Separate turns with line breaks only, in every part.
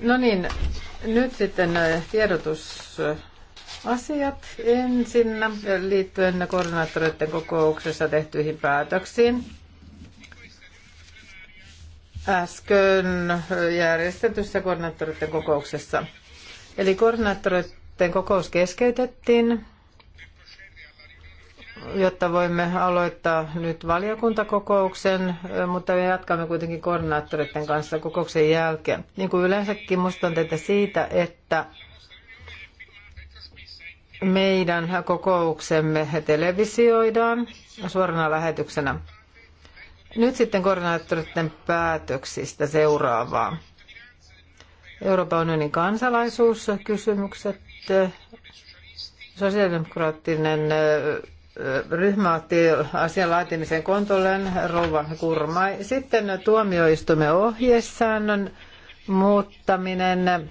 No niin, nyt sitten äh, tiedotusasiat ensinnä äh, liittyen koordinaattoreiden kokouksessa tehtyihin päätöksiin. Äsken äh, järjestetyssä koordinaattoreiden kokouksessa. Eli koordinaattoreiden kokous keskeytettiin jotta voimme aloittaa nyt valiokuntakokouksen, mutta me jatkamme kuitenkin koordinaattoreiden kanssa kokouksen jälkeen. Niin kuin yleensäkin muistan teitä siitä, että meidän kokouksemme televisioidaan suorana lähetyksenä. Nyt sitten koordinaattoreiden päätöksistä seuraavaa. Euroopan unionin kansalaisuuskysymykset, sosiaalidemokraattinen ryhmä otti asian laatimisen kontolleen rouva Kurmai. Sitten tuomioistuimen ohjesäännön muuttaminen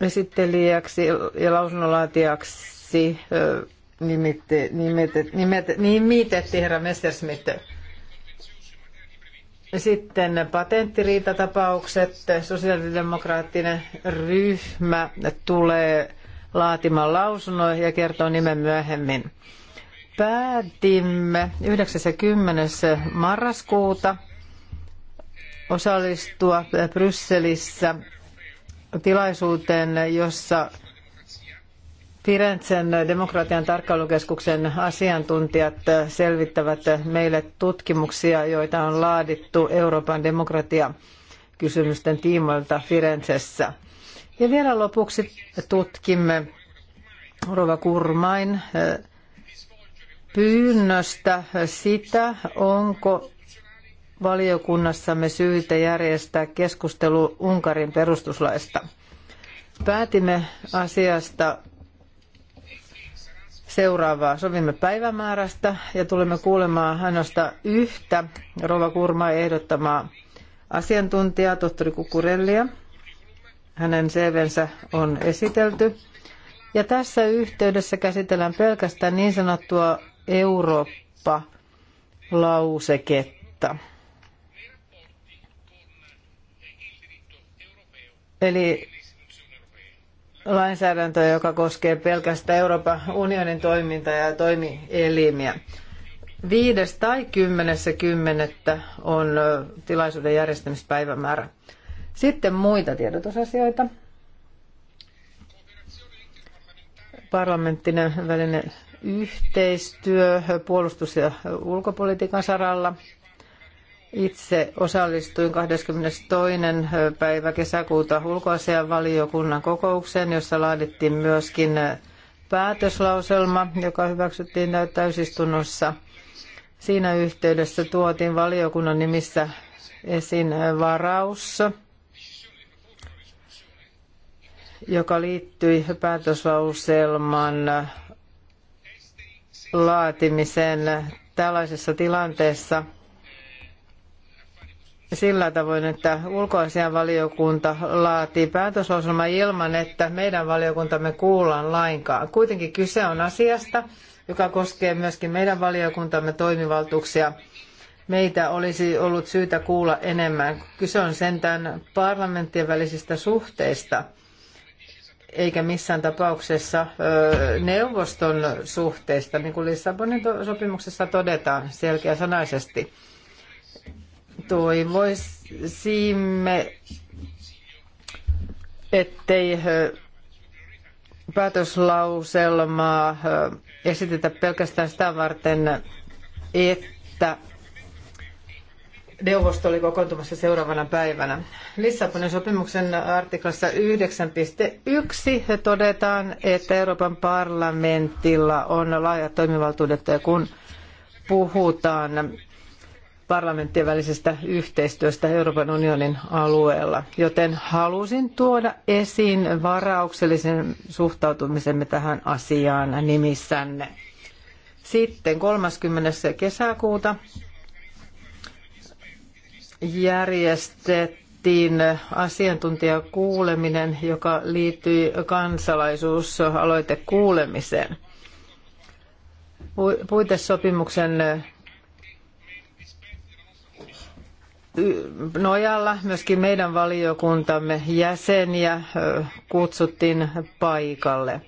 esittelijäksi ja lausunnonlaatijaksi nimitettiin herra Messerschmitt. Sitten patenttiriitatapaukset. Sosiaalidemokraattinen ryhmä tulee laatimaan lausunnon ja kertoo nimen myöhemmin. Päätimme 90. marraskuuta osallistua Brysselissä tilaisuuteen, jossa Firenzen demokratian tarkkailukeskuksen asiantuntijat selvittävät meille tutkimuksia, joita on laadittu Euroopan demokratiakysymysten tiimoilta Firenzessä. Ja vielä lopuksi tutkimme Rova Kurmain eh, pyynnöstä sitä, onko valiokunnassamme syytä järjestää keskustelu Unkarin perustuslaista. Päätimme asiasta seuraavaa. Sovimme päivämäärästä ja tulemme kuulemaan hänosta yhtä Rova Kurmaa ehdottamaa asiantuntijaa, tohtori Kukurellia – hänen CVnsä on esitelty. Ja tässä yhteydessä käsitellään pelkästään niin sanottua Eurooppa-lauseketta. Eli lainsäädäntö, joka koskee pelkästään Euroopan unionin toimintaa ja toimielimiä. Viides tai kymmenessä kymmenettä on tilaisuuden järjestämispäivämäärä. Sitten muita tiedotusasioita. Parlamenttinen välinen yhteistyö puolustus- ja ulkopolitiikan saralla. Itse osallistuin 22. päivä kesäkuuta ulkoasianvaliokunnan valiokunnan kokoukseen, jossa laadittiin myöskin päätöslauselma, joka hyväksyttiin täysistunnossa. Siinä yhteydessä tuotiin valiokunnan nimissä esiin varaus – joka liittyi päätöslauselman laatimiseen tällaisessa tilanteessa sillä tavoin, että ulkoasianvaliokunta laatii päätöslauselman ilman, että meidän valiokuntamme kuullaan lainkaan. Kuitenkin kyse on asiasta, joka koskee myöskin meidän valiokuntamme toimivaltuuksia. Meitä olisi ollut syytä kuulla enemmän. Kyse on sentään parlamenttien välisistä suhteista – eikä missään tapauksessa neuvoston suhteista, niin kuin Lissabonin sopimuksessa todetaan selkeäsanaisesti. Toivoisimme, ettei päätöslauselmaa esitetä pelkästään sitä varten, että neuvosto oli kokoontumassa seuraavana päivänä. Lissabonin sopimuksen artiklassa 9.1 todetaan, että Euroopan parlamentilla on laajat toimivaltuudet, kun puhutaan parlamenttien välisestä yhteistyöstä Euroopan unionin alueella. Joten halusin tuoda esiin varauksellisen suhtautumisemme tähän asiaan nimissänne. Sitten 30. kesäkuuta järjestettiin asiantuntijakuuleminen, joka liittyi kansalaisuusaloitekuulemiseen. Puitesopimuksen nojalla myöskin meidän valiokuntamme jäseniä kutsuttiin paikalle.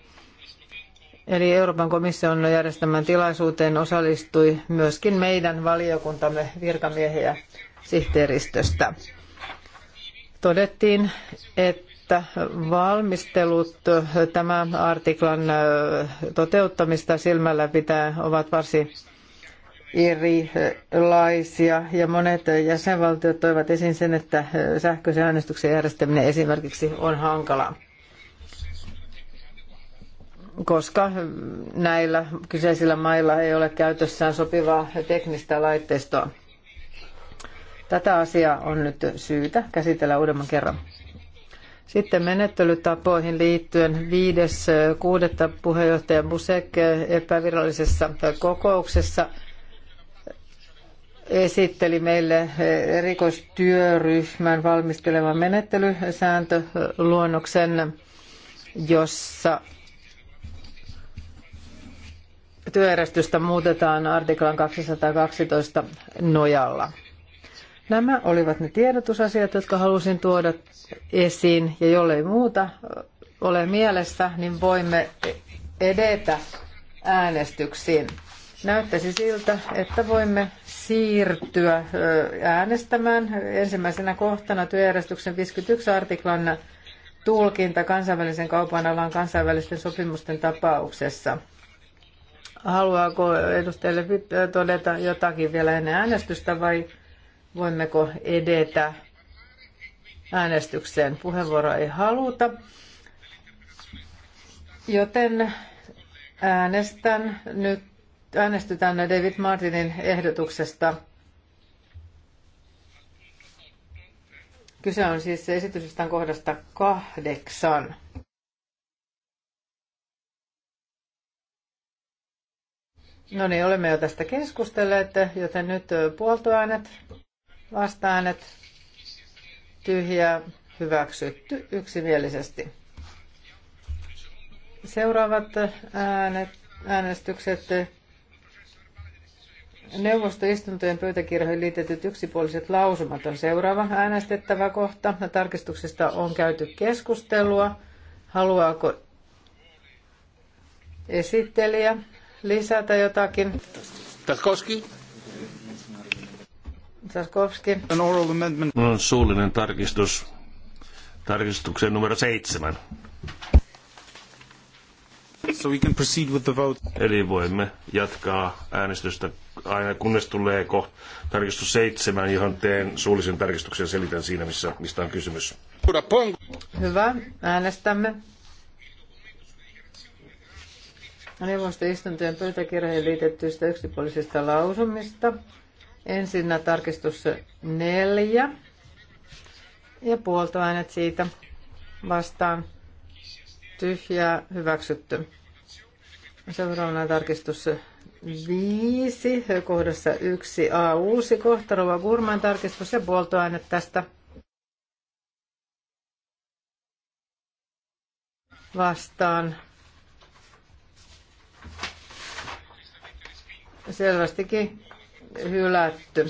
Eli Euroopan komission järjestämän tilaisuuteen osallistui myöskin meidän valiokuntamme virkamiehiä sihteeristöstä. Todettiin, että valmistelut tämän artiklan toteuttamista silmällä pitää ovat varsin erilaisia ja monet jäsenvaltiot toivat esiin sen, että sähköisen äänestyksen järjestäminen esimerkiksi on hankalaa koska näillä kyseisillä mailla ei ole käytössään sopivaa teknistä laitteistoa. Tätä asiaa on nyt syytä käsitellä uudemman kerran. Sitten menettelytapoihin liittyen 5.6. puheenjohtaja Busek epävirallisessa kokouksessa esitteli meille erikoistyöryhmän valmistelevan menettelysääntöluonnoksen, jossa työjärjestystä muutetaan artiklan 212 nojalla. Nämä olivat ne tiedotusasiat, jotka halusin tuoda esiin, ja jollei muuta ole mielessä, niin voimme edetä äänestyksiin. Näyttäisi siltä, että voimme siirtyä äänestämään ensimmäisenä kohtana työjärjestyksen 51 artiklan tulkinta kansainvälisen kaupan alan kansainvälisten sopimusten tapauksessa. Haluaako edustajalle todeta jotakin vielä ennen äänestystä vai voimmeko edetä äänestykseen. Puheenvuoro ei haluta, joten äänestän nyt, äänestytään David Martinin ehdotuksesta. Kyse on siis esityksestä kohdasta kahdeksan. No niin, olemme jo tästä keskustelleet, joten nyt puoltoäänet. Vastaanet tyhjää hyväksytty yksimielisesti. Seuraavat äänet, äänestykset. Neuvostoistuntojen pöytäkirjoihin liitetyt yksipuoliset lausumat on seuraava äänestettävä kohta. Tarkistuksesta on käyty keskustelua. Haluaako esittelijä lisätä jotakin? Tarkoski. Tarkovski. An oral amendment.
On suullinen tarkistus tarkistukseen numero seitsemän. So we can proceed with the vote. Eli voimme jatkaa äänestystä aina kunnes tulee ko- tarkistus seitsemän, johon teen suullisen tarkistuksen ja selitän siinä, missä, mistä on kysymys.
Hyvä, äänestämme. Neuvoston istuntojen pöytäkirjoihin liitettyistä yksipuolisista lausumista. Ensinnä tarkistus neljä ja puoltoaineet siitä vastaan tyhjää hyväksytty. Seuraavana tarkistus viisi kohdassa yksi a uusi kohta, Rova Gurman tarkistus ja puoltoaine tästä vastaan. Selvästikin hylätty.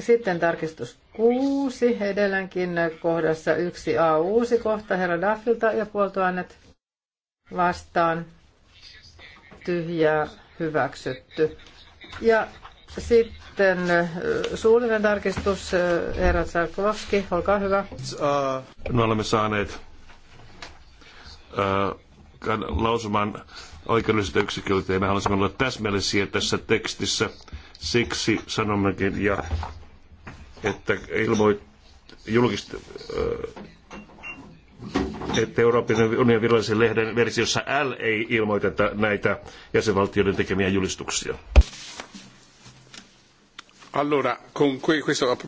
Sitten tarkistus 6, edelläkin kohdassa 1a uusi kohta herra Daffilta ja puoltoainet vastaan tyhjää hyväksytty. Ja sitten suullinen tarkistus, herra Tsarkovski, olkaa hyvä.
Me olemme saaneet äh, lausuman oikeudelliset yksiköltä ja me haluaisimme olla täsmällisiä tässä tekstissä. Siksi sanommekin, ja, että ilmoit, julkista että Euroopan unionin virallisen lehden versiossa L ei ilmoiteta näitä jäsenvaltioiden tekemiä julistuksia. Allora, con questo...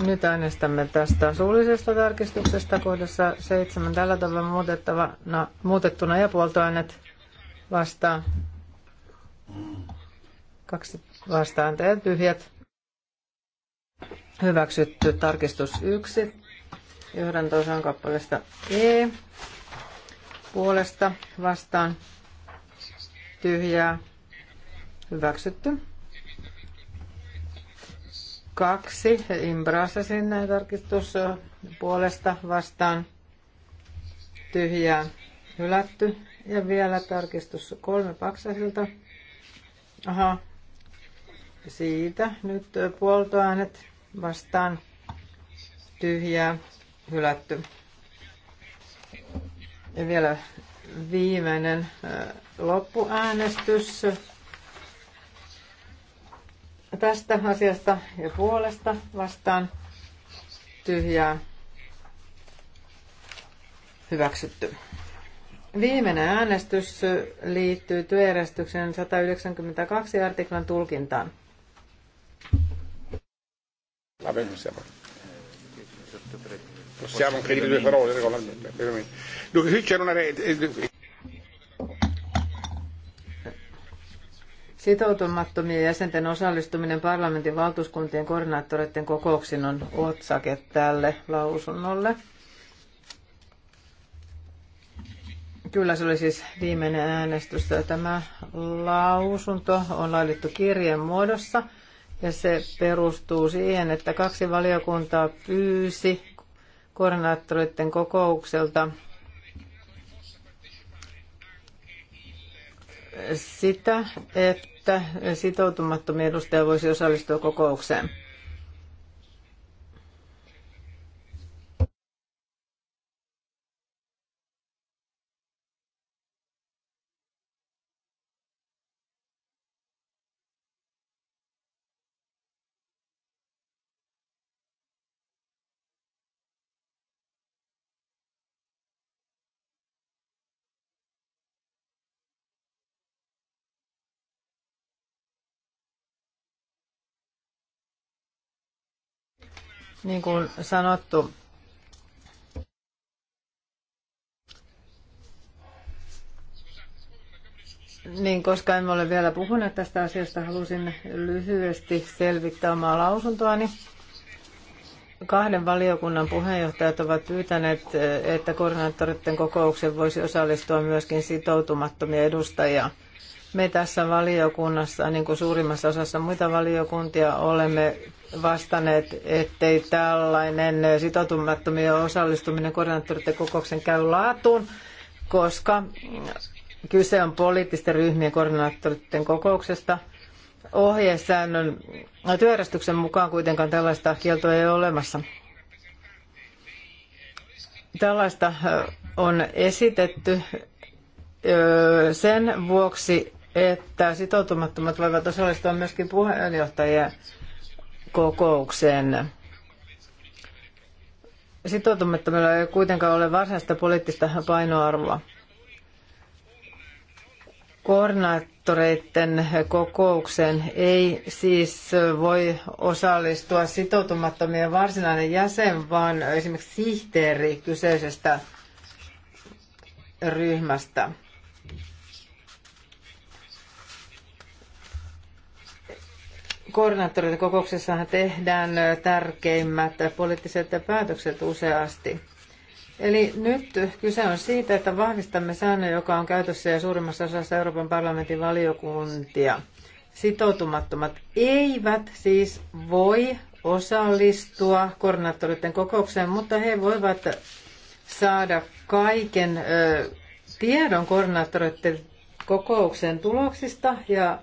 Nyt äänestämme tästä suullisesta tarkistuksesta kohdassa seitsemän tällä tavalla muutettavana, no, muutettuna ja puoltoäänet vastaan. Kaksi vastaan tyhjät hyväksytty tarkistus 1 tosiaan kappaleesta E puolesta vastaan tyhjää hyväksytty. Kaksi imbrassa sinne tarkistus puolesta vastaan tyhjää hylätty. Ja vielä tarkistus kolme Paksasilta. Aha, siitä. Nyt puoltoäänet vastaan tyhjää hylätty. Ja vielä viimeinen loppuäänestys tästä asiasta ja puolesta vastaan tyhjää hyväksytty. Viimeinen äänestys liittyy työjärjestyksen 192 artiklan tulkintaan.
Vabbè, non siamo. Possiamo anche dire due parole regolarmente. Dunque, qui c'era una rete.
Sitoutumattomien jäsenten osallistuminen parlamentin valtuuskuntien koordinaattoreiden kokouksiin on otsake tälle lausunnolle. Kyllä se oli siis viimeinen äänestys. Tämä lausunto on laadittu kirjeen muodossa – ja se perustuu siihen, että kaksi valiokuntaa pyysi koordinaattoreiden kokoukselta sitä, että sitoutumattomia edustajia voisi osallistua kokoukseen. Niin kuin sanottu, Niin, koska en ole vielä puhunut tästä asiasta, halusin lyhyesti selvittää omaa lausuntoani. Kahden valiokunnan puheenjohtajat ovat pyytäneet, että koordinaattoritten kokoukseen voisi osallistua myöskin sitoutumattomia edustajia. Me tässä valiokunnassa, niin kuin suurimmassa osassa muita valiokuntia, olemme vastanneet, ettei tällainen sitoutumattomien osallistuminen koordinaattoreiden kokouksen käy laatuun, koska kyse on poliittisten ryhmien koordinaattoreiden kokouksesta. Ohjeessäännön työjärjestyksen mukaan kuitenkaan tällaista kieltoa ei ole olemassa. Tällaista on esitetty sen vuoksi, että sitoutumattomat voivat osallistua myöskin puheenjohtajien kokoukseen. Sitoutumattomilla ei kuitenkaan ole varsinaista poliittista painoarvoa. Koordinaattoreiden kokoukseen ei siis voi osallistua sitoutumattomien varsinainen jäsen, vaan esimerkiksi sihteeri kyseisestä ryhmästä. koordinaattoreiden kokouksessahan tehdään tärkeimmät poliittiset päätökset useasti. Eli nyt kyse on siitä, että vahvistamme säännön, joka on käytössä ja suurimmassa osassa Euroopan parlamentin valiokuntia. Sitoutumattomat eivät siis voi osallistua koordinaattoreiden kokoukseen, mutta he voivat saada kaiken tiedon koordinaattoreiden kokouksen tuloksista ja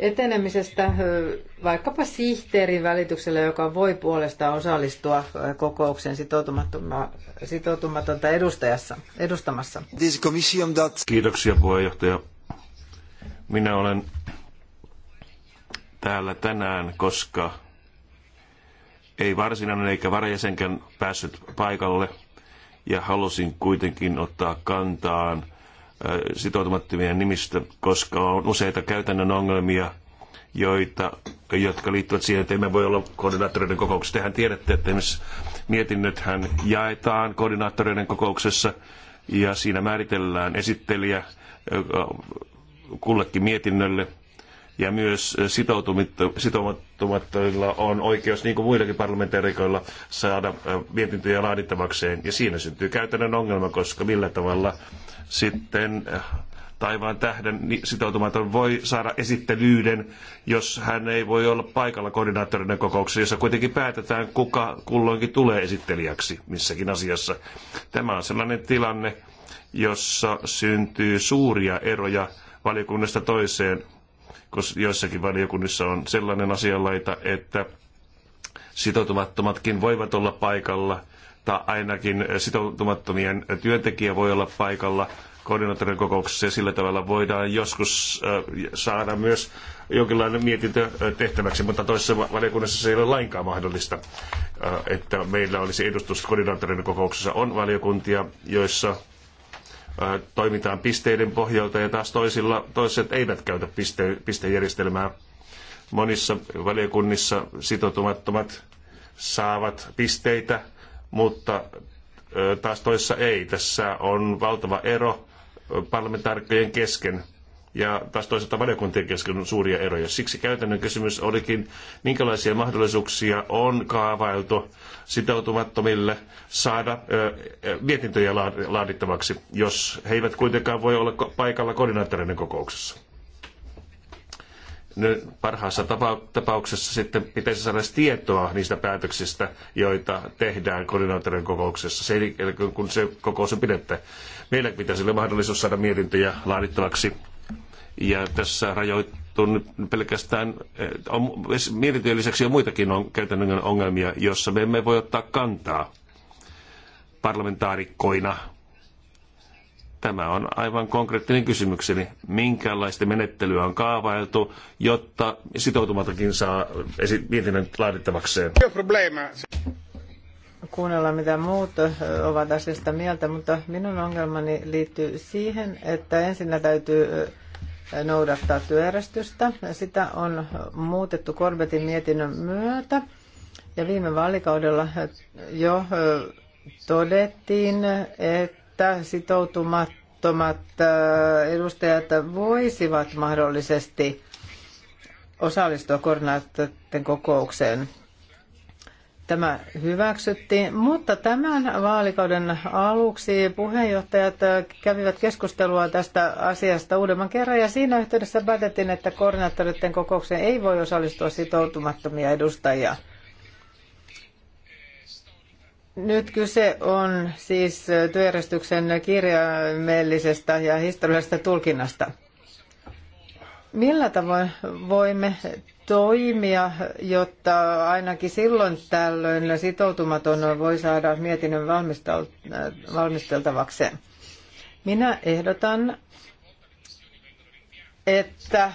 etenemisestä vaikkapa sihteerin välityksellä, joka voi puolestaan osallistua kokoukseen sitoutumatonta edustajassa, edustamassa.
Kiitoksia puheenjohtaja. Minä olen täällä tänään, koska ei varsinainen eikä varajäsenkään päässyt paikalle ja halusin kuitenkin ottaa kantaan sitoutumattomien nimistä, koska on useita käytännön ongelmia, joita, jotka liittyvät siihen, että emme voi olla koordinaattoreiden kokouksessa. Tehän tiedätte, että esimerkiksi mietinnöthän jaetaan koordinaattoreiden kokouksessa ja siinä määritellään esittelijä kullekin mietinnölle – ja myös eh, sitoutumattomilla on oikeus, niin kuin muillakin parlamentaarikoilla, saada eh, mietintöjä laadittavakseen. Ja siinä syntyy käytännön ongelma, koska millä tavalla sitten eh, taivaan tähden sitoutumaton voi saada esittelyyden, jos hän ei voi olla paikalla koordinaattorinen kokouksessa, jossa kuitenkin päätetään, kuka kulloinkin tulee esittelijäksi missäkin asiassa. Tämä on sellainen tilanne, jossa syntyy suuria eroja valiokunnasta toiseen koska joissakin valiokunnissa on sellainen asianlaita, että sitoutumattomatkin voivat olla paikalla, tai ainakin sitoutumattomien työntekijä voi olla paikalla koordinaattorin kokouksessa, ja sillä tavalla voidaan joskus äh, saada myös jonkinlainen mietintö äh, tehtäväksi, mutta toisessa valiokunnassa se ei ole lainkaan mahdollista, äh, että meillä olisi edustus koordinaattorin kokouksessa. On valiokuntia, joissa toimitaan pisteiden pohjalta ja taas toisilla, toiset eivät käytä piste, pistejärjestelmää. Monissa valiokunnissa sitoutumattomat saavat pisteitä, mutta taas toissa ei. Tässä on valtava ero parlamentaarikkojen kesken ja taas toisaalta valiokuntien kesken on suuria eroja. Siksi käytännön kysymys olikin, minkälaisia mahdollisuuksia on kaavailtu sitoutumattomille saada ö, mietintöjä laadittavaksi, jos he eivät kuitenkaan voi olla paikalla koordinaattoreiden kokouksessa. Nyt parhaassa tapauksessa sitten pitäisi saada tietoa niistä päätöksistä, joita tehdään koordinaattorin kokouksessa, sen kun se kokous on pidettä. Meillä pitäisi olla mahdollisuus saada mietintöjä laadittavaksi ja tässä nyt pelkästään, eh, on, mietintöjen lisäksi on muitakin on käytännön ongelmia, joissa me emme voi ottaa kantaa parlamentaarikkoina. Tämä on aivan konkreettinen kysymykseni. Minkälaista menettelyä on kaavailtu, jotta sitoutumatakin saa esi- mietinnön laadittavakseen?
kuunnella, mitä muut eh, ovat asiasta mieltä, mutta minun ongelmani liittyy siihen, että ensinnä täytyy eh, noudattaa työjärjestystä. Sitä on muutettu Korbetin mietinnön myötä. Ja viime vaalikaudella jo todettiin, että sitoutumattomat edustajat voisivat mahdollisesti osallistua koordinaattoreiden kokoukseen. Tämä hyväksyttiin, mutta tämän vaalikauden aluksi puheenjohtajat kävivät keskustelua tästä asiasta uudemman kerran ja siinä yhteydessä päätettiin, että koordinaattoreiden kokoukseen ei voi osallistua sitoutumattomia edustajia. Nyt kyse on siis työjärjestyksen kirjaimellisestä ja historiallisesta tulkinnasta. Millä tavoin voimme toimia, jotta ainakin silloin tällöin sitoutumaton voi saada mietinnön valmisteltavakseen. Minä ehdotan, että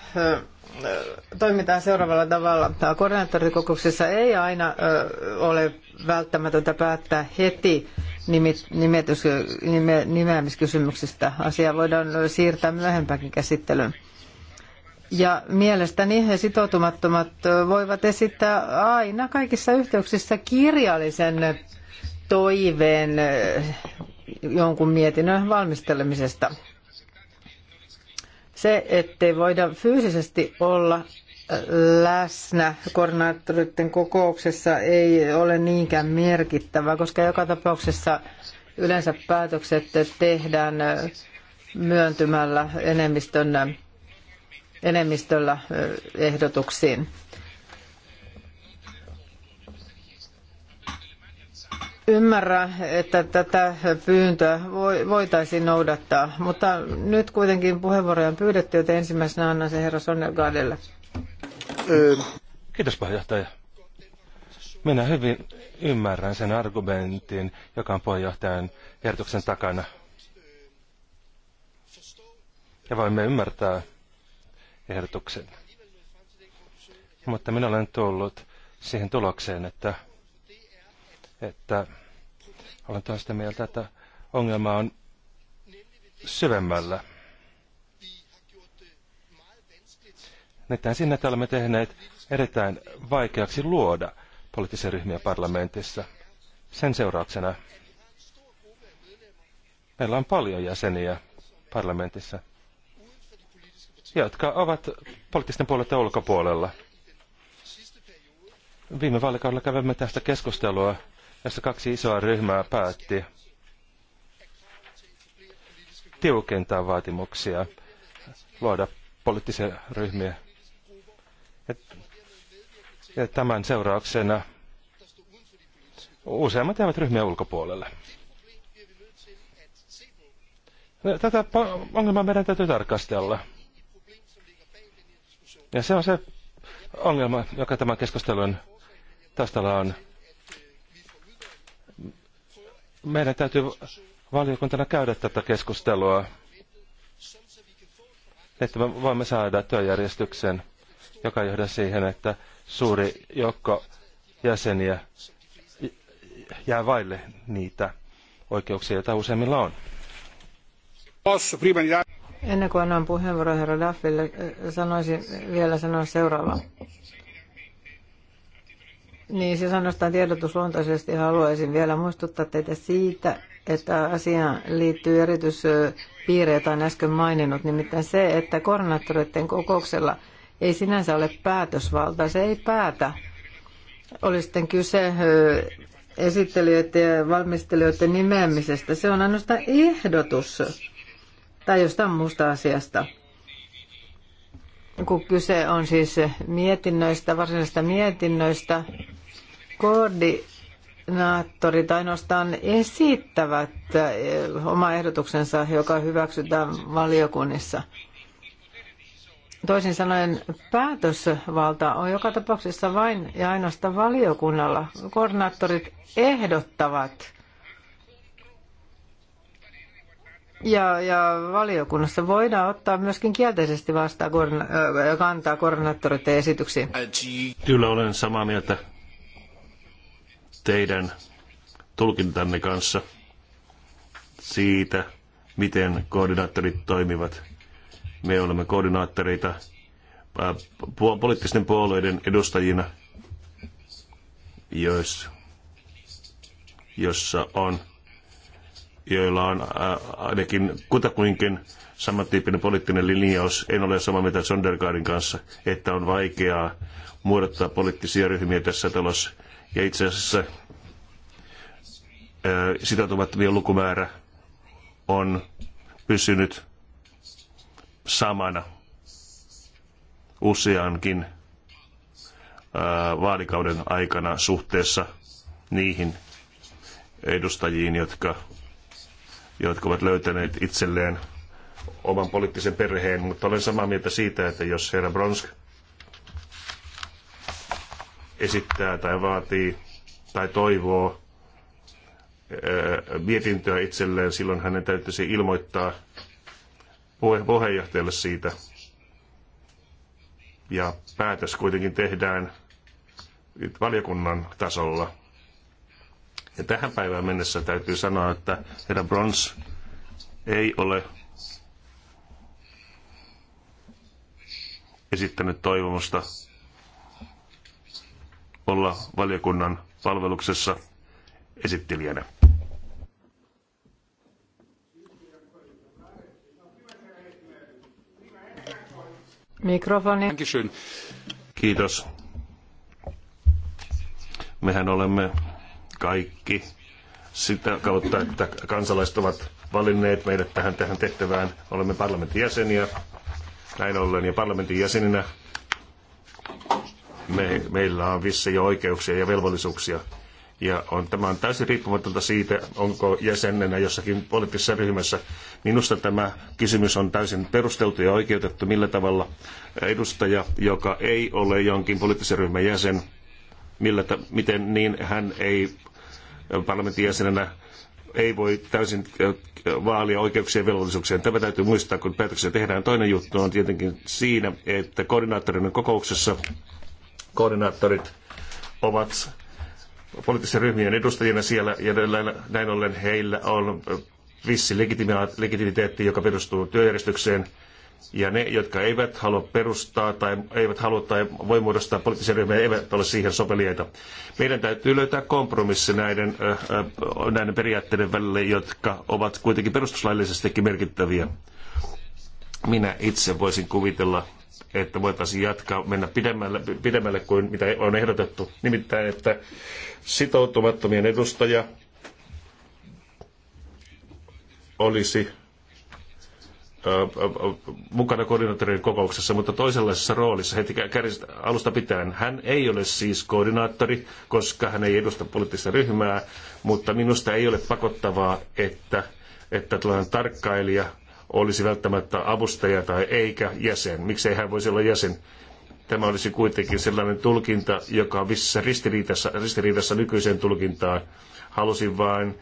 toimitaan seuraavalla tavalla. Koordinaattorikokouksessa ei aina ole välttämätöntä päättää heti nimeämiskysymyksistä. Asia voidaan siirtää myöhempäänkin käsittelyyn. Ja mielestäni he sitoutumattomat voivat esittää aina kaikissa yhteyksissä kirjallisen toiveen jonkun mietinnön valmistelemisesta. Se, ettei voida fyysisesti olla läsnä koordinaattoreiden kokouksessa ei ole niinkään merkittävä, koska joka tapauksessa yleensä päätökset tehdään myöntymällä enemmistön enemmistöllä ehdotuksiin. ymmärrä, että tätä pyyntöä voitaisiin noudattaa, mutta nyt kuitenkin puheenvuoroja on pyydetty, joten ensimmäisenä annan sen herra Sonnergaardelle.
Kiitos puheenjohtaja. Minä hyvin ymmärrän sen argumentin, joka on puheenjohtajan ehdotuksen takana. Ja voimme ymmärtää, ehdotuksen. Mutta minä olen tullut siihen tulokseen, että, että olen toista mieltä, että ongelma on syvemmällä. Nimittäin sinne, että olemme tehneet erittäin vaikeaksi luoda poliittisia ryhmiä parlamentissa. Sen seurauksena meillä on paljon jäseniä parlamentissa, jotka ovat poliittisten puolueiden ulkopuolella. Viime vaalikaudella kävimme tästä keskustelua, jossa kaksi isoa ryhmää päätti tiukentaa vaatimuksia, luoda poliittisia ryhmiä. Ja, ja tämän seurauksena useimmat jäävät ryhmiä ulkopuolelle. No, tätä ongelmaa meidän täytyy tarkastella. Ja se on se ongelma, joka tämän keskustelun taustalla on. Meidän täytyy valiokuntana käydä tätä keskustelua, että me voimme saada työjärjestyksen, joka johda siihen, että suuri joukko jäseniä jää vaille niitä oikeuksia, joita useimmilla on.
Ennen kuin annan puheenvuoron herra Daffille, eh, sanoisin vielä sanoa seuraavaa. Niin, siis ainoastaan tiedotusluontoisesti haluaisin vielä muistuttaa teitä siitä, että asiaan liittyy erityispiirejä, tai äsken maininnut, nimittäin se, että koordinaattoreiden kokouksella ei sinänsä ole päätösvaltaa, se ei päätä. Oli sitten kyse eh, esittelijöiden ja valmistelijoiden nimeämisestä, se on ainoastaan ehdotus tai jostain muusta asiasta. Kun kyse on siis mietinnöistä, varsinaisista mietinnöistä, tai ainoastaan esittävät eh, oma ehdotuksensa, joka hyväksytään valiokunnissa. Toisin sanoen päätösvalta on joka tapauksessa vain ja ainoastaan valiokunnalla. Koordinaattorit ehdottavat Ja, ja valiokunnassa voidaan ottaa myöskin kielteisesti vastaan korna, kantaa koordinaattoreiden esityksiin.
Kyllä olen samaa mieltä teidän tulkintanne kanssa siitä, miten koordinaattorit toimivat. Me olemme koordinaattoreita poliittisten puolueiden edustajina, jos, jossa on joilla on äh, ainakin kutakuinkin samantyyppinen poliittinen linjaus. En ole sama mitä Sondergaardin kanssa, että on vaikeaa muodottaa poliittisia ryhmiä tässä talossa. Ja itse asiassa äh, sitoutumattomien lukumäärä on pysynyt samana useankin äh, vaalikauden aikana suhteessa niihin edustajiin, jotka jotka ovat löytäneet itselleen oman poliittisen perheen, mutta olen samaa mieltä siitä, että jos herra Bronsk esittää tai vaatii tai toivoo mietintöä itselleen, silloin hänen täytyisi ilmoittaa puheenjohtajalle siitä. Ja päätös kuitenkin tehdään valiokunnan tasolla ja tähän päivään mennessä täytyy sanoa, että herra Brons ei ole esittänyt toivomusta olla valiokunnan palveluksessa esittelijänä.
Mikrofoni.
Kiitos. Mehän olemme kaikki sitä kautta, että kansalaiset ovat valinneet meidät tähän, tähän tehtävään. Olemme parlamentin jäseniä näin ollen ja parlamentin jäseninä me, meillä on vissejä oikeuksia ja velvollisuuksia. Ja on, tämä on täysin riippumatonta siitä, onko jäsenenä jossakin poliittisessa ryhmässä. Minusta tämä kysymys on täysin perusteltu ja oikeutettu, millä tavalla edustaja, joka ei ole jonkin poliittisen ryhmän jäsen, millä miten niin hän ei parlamentin jäsenenä ei voi täysin äh, vaalia oikeuksia ja velvollisuuksia. Tämä täytyy muistaa, kun päätöksiä tehdään. Toinen juttu on tietenkin siinä, että koordinaattorin kokouksessa koordinaattorit ovat poliittisten ryhmien edustajina siellä ja näin ollen heillä on vissi legitimiteetti, joka perustuu työjärjestykseen ja ne, jotka eivät halua perustaa tai eivät halua tai voi muodostaa poliittisia ryhmiä, eivät ole siihen sopeliaita. Meidän täytyy löytää kompromissi näiden, näiden periaatteiden välille, jotka ovat kuitenkin perustuslaillisestikin merkittäviä. Minä itse voisin kuvitella, että voitaisiin jatkaa, mennä pidemmälle, pidemmälle kuin mitä on ehdotettu. Nimittäin, että sitoutumattomien edustaja olisi mukana koordinaattorin kokouksessa, mutta toisenlaisessa roolissa heti kärjestä alusta pitäen. Hän ei ole siis koordinaattori, koska hän ei edusta poliittista ryhmää, mutta minusta ei ole pakottavaa, että, että tällainen tarkkailija olisi välttämättä avustaja tai eikä jäsen. Miksei hän voisi olla jäsen? Tämä olisi kuitenkin sellainen tulkinta, joka on vissä ristiriidassa, ristiriidassa nykyiseen tulkintaan, Halusin vain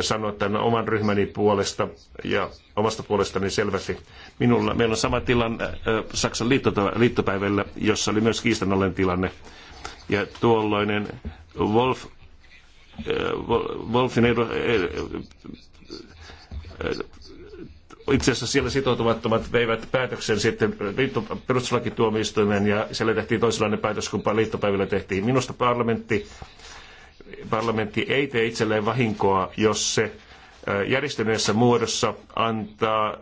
sanoa tämän oman ryhmäni puolesta ja omasta puolestani selvästi. Minulla, meillä on sama tilanne äh, Saksan liittopäivällä, jossa oli myös Kiistanalleen tilanne. Ja tuolloinen Wolf, äh, Wolfin edu, äh, itse asiassa siellä sitoutumattomat veivät päätöksen sitten liitto, ja siellä tehtiin toisenlainen päätös, kun liittopäivillä tehtiin. Minusta parlamentti parlamentti ei tee itselleen vahinkoa, jos se järjestäneessä muodossa antaa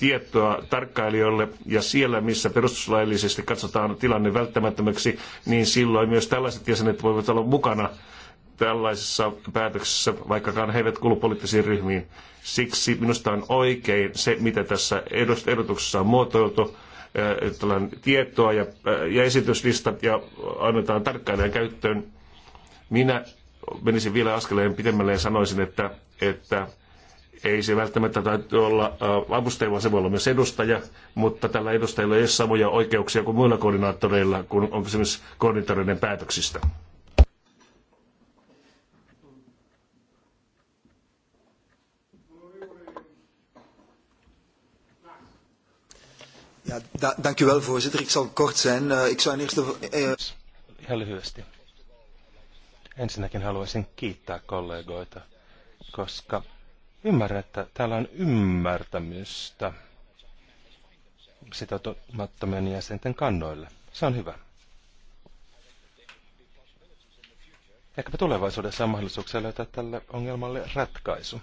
tietoa tarkkailijoille ja siellä, missä perustuslaillisesti katsotaan tilanne välttämättömäksi, niin silloin myös tällaiset jäsenet voivat olla mukana tällaisessa päätöksessä, vaikkakaan he eivät kuulu poliittisiin ryhmiin. Siksi minusta on oikein se, mitä tässä ehdotuksessa on muotoiltu, tällainen tietoa ja, ja esityslista ja annetaan tarkkailijan käyttöön minä menisin vielä askeleen pitemmälle ja sanoisin, että, että ei se välttämättä täytyy olla äh, avustaja, vaan se voi olla myös edustaja, mutta tällä edustajalla ei ole samoja oikeuksia kuin muilla koordinaattoreilla, kun on kysymys koordinaattoreiden päätöksistä.
Ja, da, dank u wel, voorzitter. Ik zal kort zijn. Uh, ik zou in eerste... Uh... Heel lyhyesti. Ensinnäkin haluaisin kiittää kollegoita, koska ymmärrän, että täällä on ymmärtämystä sitoutumattomien jäsenten kannoille. Se on hyvä. Ehkäpä tulevaisuudessa on mahdollisuuksia löytää tälle ongelmalle ratkaisu.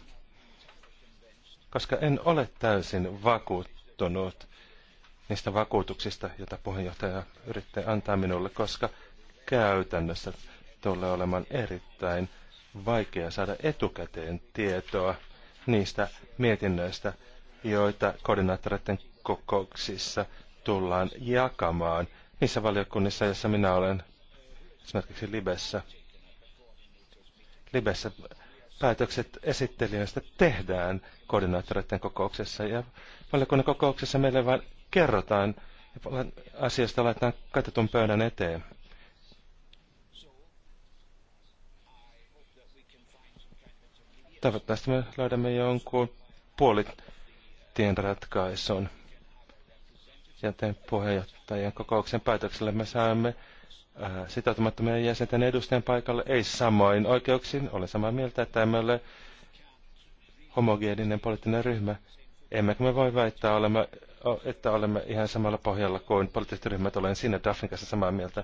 Koska en ole täysin vakuuttunut niistä vakuutuksista, joita puheenjohtaja yrittää antaa minulle, koska käytännössä tulee olemaan erittäin vaikea saada etukäteen tietoa niistä mietinnöistä, joita koordinaattoreiden kokouksissa tullaan jakamaan niissä valiokunnissa, joissa minä olen, esimerkiksi Libessä. Libessä päätökset esittelijöistä tehdään koordinaattoreiden kokouksessa ja valiokunnan kokouksessa meille vain kerrotaan asiasta laitetaan katetun pöydän eteen. Toivottavasti me löydämme jonkun puolitien ratkaisun. Ja tämän puheenjohtajan kokouksen päätöksellä me saamme äh, sitoutumattomien jäsenten edustajan paikalle, ei samoin oikeuksin. Olen samaa mieltä, että emme ole homogeeninen poliittinen ryhmä. Emmekö me voi väittää, olemme, että olemme ihan samalla pohjalla kuin poliittiset ryhmät. Olen siinä Daphne kanssa samaa mieltä.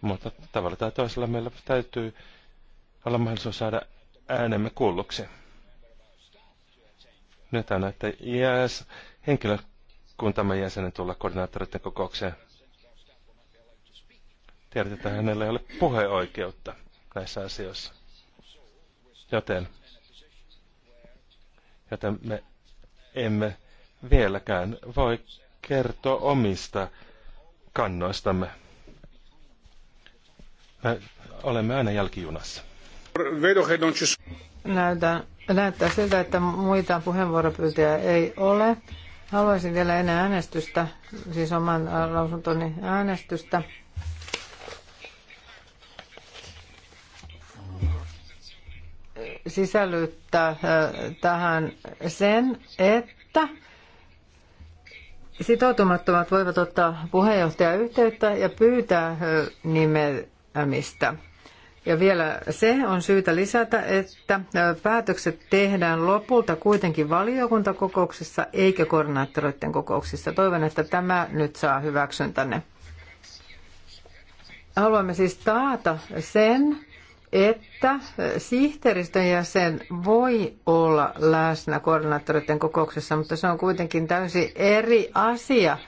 Mutta tavalla tai toisella meillä täytyy olla mahdollisuus saada äänemme kuulluksi. Nyt on, että jäs, henkilökuntamme jäsenen tulla koordinaattoreiden kokoukseen. Tiedät, että hänellä ei ole puheoikeutta näissä asioissa. Joten, joten me emme vieläkään voi kertoa omista kannoistamme. Me olemme aina jälkijunassa
näyttää siltä, että muita puheenvuoropyyntöjä ei ole. Haluaisin vielä ennen äänestystä, siis oman lausuntoni äänestystä. sisällyttää tähän sen, että sitoutumattomat voivat ottaa puheenjohtajayhteyttä ja pyytää nimeämistä. Ja vielä se on syytä lisätä, että päätökset tehdään lopulta kuitenkin valiokuntakokouksissa eikä koordinaattoreiden kokouksissa. Toivon, että tämä nyt saa hyväksyntänne. Haluamme siis taata sen, että sihteeristön jäsen voi olla läsnä koordinaattoreiden kokouksessa, mutta se on kuitenkin täysin eri asia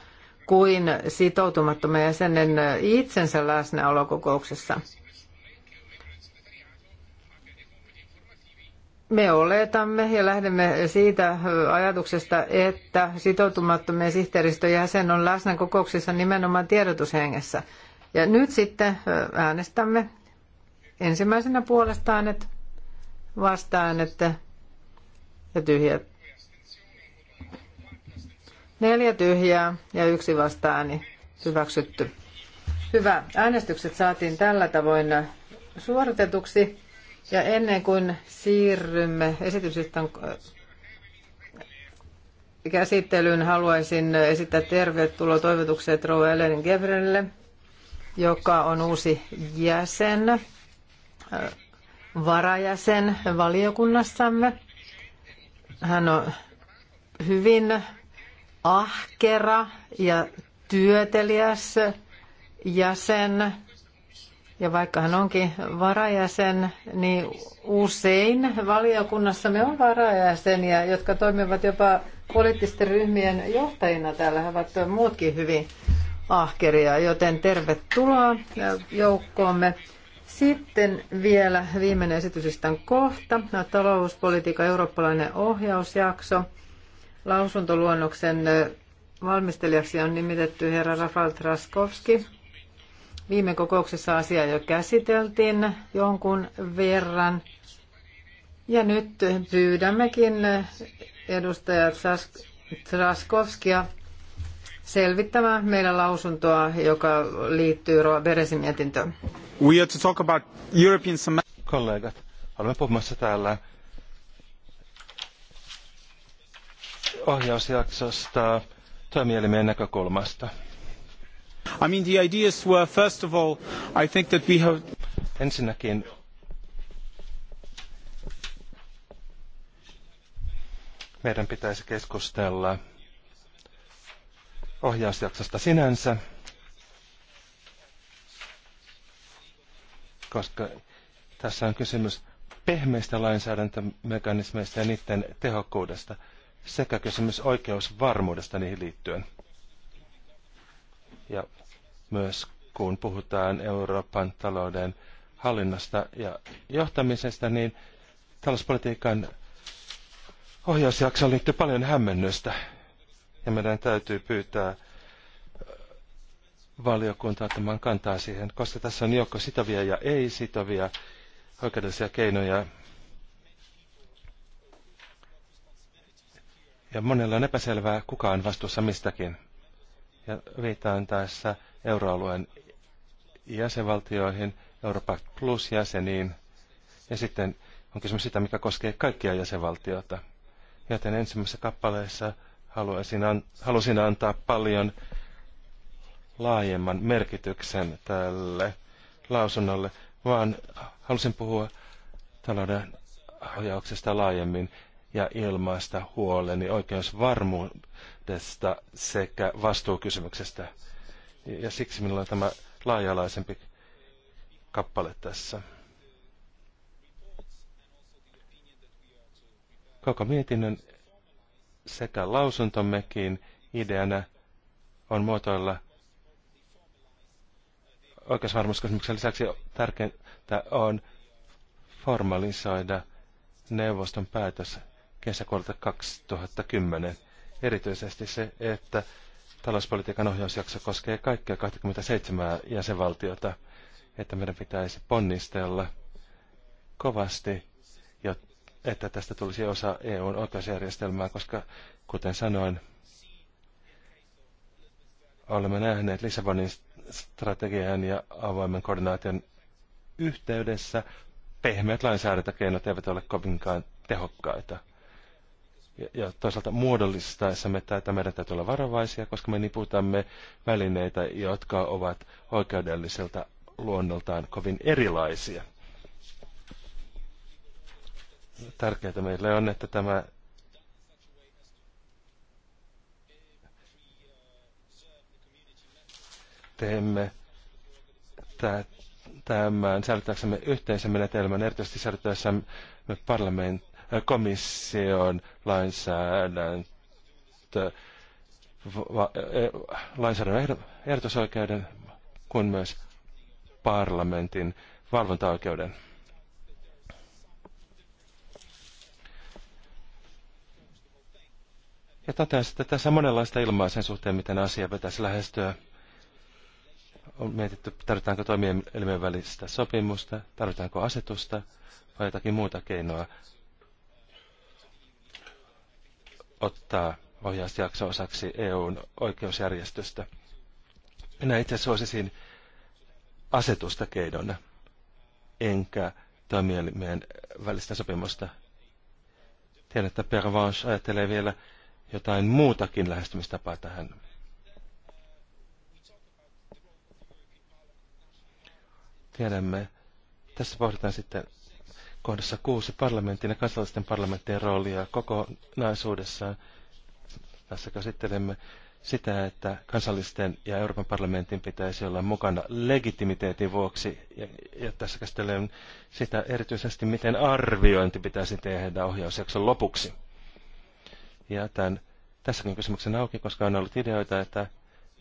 kuin sitoutumattoman jäsenen itsensä läsnäolo kokouksessa. Me oletamme ja lähdemme siitä ajatuksesta, että sitoutumattomien sihteeristöjäsen on läsnä kokouksissa nimenomaan tiedotushengessä. Ja nyt sitten äänestämme ensimmäisenä puolesta äänet, vasta että ja tyhjät. Neljä tyhjää ja yksi vastaani hyväksytty. Hyvä. Äänestykset saatiin tällä tavoin suoritetuksi. Ja ennen kuin siirrymme esityslistan äh, käsittelyyn, haluaisin esittää tervetuloa toivotukset Rouva Ellen Gebrelle, joka on uusi jäsen, äh, varajäsen valiokunnassamme. Hän on hyvin ahkera ja työteliäs jäsen ja vaikka hän onkin varajäsen, niin usein valiokunnassamme on varajäseniä, jotka toimivat jopa poliittisten ryhmien johtajina. Täällä ovat muutkin hyvin ahkeria, joten tervetuloa joukkoomme. Sitten vielä viimeinen tämän kohta, talouspolitiikan eurooppalainen ohjausjakso. Lausuntoluonnoksen valmistelijaksi on nimitetty herra Rafal Traskowski, Viime kokouksessa asia, jo käsiteltiin jonkun verran. Ja nyt pyydämmekin edustaja Traskovskia selvittämään meidän lausuntoa, joka liittyy
Beresin mietintöön. We are to talk about European Kollegat, olemme puhumassa täällä ohjausjaksosta toimielimien näkökulmasta the ideas were, first of all, I think that we have... Ensinnäkin meidän pitäisi keskustella ohjausjaksosta sinänsä, koska tässä on kysymys pehmeistä lainsäädäntömekanismeista ja niiden tehokkuudesta sekä kysymys oikeusvarmuudesta niihin liittyen. Ja myös kun puhutaan Euroopan talouden hallinnasta ja johtamisesta, niin talouspolitiikan ohjausjaksoon liittyy paljon hämmennystä. Ja meidän täytyy pyytää valiokuntaa ottamaan kantaa siihen, koska tässä on joukko sitovia ja ei-sitovia oikeudellisia keinoja. Ja monella on epäselvää, kuka on vastuussa mistäkin. Ja viitaan tässä euroalueen jäsenvaltioihin, Euroopan plus-jäseniin. Ja sitten on kysymys sitä, mikä koskee kaikkia jäsenvaltioita. Joten ensimmäisessä kappaleessa haluaisin an, halusin antaa paljon laajemman merkityksen tälle lausunnolle, vaan halusin puhua talouden ohjauksesta laajemmin ja ilmaista huoleni oikeusvarmuuden taloudesta sekä vastuukysymyksestä. Ja siksi minulla on tämä laajalaisempi kappale tässä. Koko mietinnön sekä lausuntommekin ideana on muotoilla oikeusvarmuuskysymyksen lisäksi tärkeintä on formalisoida neuvoston päätös kesäkuulta 2010 erityisesti se, että talouspolitiikan ohjausjakso koskee kaikkia 27 jäsenvaltiota, että meidän pitäisi ponnistella kovasti, että tästä tulisi osa EUn oikeusjärjestelmää, koska kuten sanoin, olemme nähneet Lissabonin strategian ja avoimen koordinaation yhteydessä pehmeät lainsäädäntökeinot eivät ole kovinkaan tehokkaita. Ja, ja toisaalta muodollistaessamme tätä meidän täytyy olla varovaisia, koska me niputamme välineitä, jotka ovat oikeudelliselta luonnoltaan kovin erilaisia. Tärkeää meille on, että tämä teemme tämän säilyttääksemme yhteisen menetelmän, erityisesti säilyttäessämme parlamentti komission lainsäädäntö, e- lainsäädännön ehdotusoikeuden kuin myös parlamentin valvontaoikeuden. Ja totean, että tässä on monenlaista ilmaa sen suhteen, miten asia pitäisi lähestyä. On mietitty, tarvitaanko toimielimien välistä sopimusta, tarvitaanko asetusta vai jotakin muuta keinoa ottaa ohjausjakso osaksi EUn oikeusjärjestystä. Minä itse suosisin asetusta keinona, enkä toimielimien välistä sopimusta. Tiedän, että Pervanche ajattelee vielä jotain muutakin lähestymistapaa tähän. Tiedämme, tässä pohditaan sitten kohdassa kuusi parlamentin ja kansallisten parlamenttien roolia kokonaisuudessaan. Tässä käsittelemme sitä, että kansallisten ja Euroopan parlamentin pitäisi olla mukana legitimiteetin vuoksi. Ja, ja tässä käsittelemme sitä erityisesti, miten arviointi pitäisi tehdä ohjausjakson lopuksi. Ja tämän, tässäkin kysymyksen auki, koska on ollut ideoita, että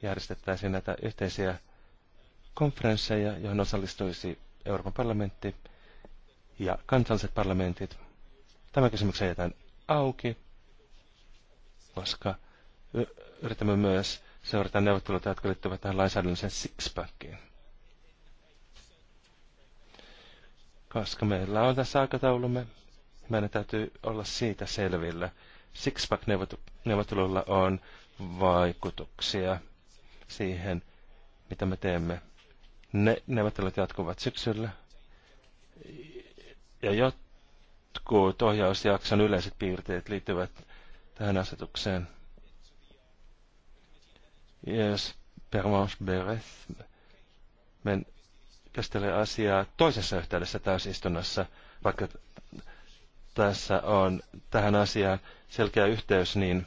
järjestettäisiin näitä yhteisiä konferensseja, johon osallistuisi Euroopan parlamentti, ja kansalliset parlamentit. Tämä kysymys jätetään auki, koska yritämme myös seurata neuvotteluita, jotka liittyvät tähän lainsäädännölliseen sixpackiin. Koska meillä on tässä aikataulumme, meidän täytyy olla siitä selvillä. Sixpack-neuvottelulla on vaikutuksia siihen, mitä me teemme. Ne neuvottelut jatkuvat syksyllä ja jotkut ohjausjakson yleiset piirteet liittyvät tähän asetukseen. Yes, Permanche Bereth men käsittelee asiaa toisessa yhteydessä täysistunnossa, vaikka tässä on tähän asiaan selkeä yhteys, niin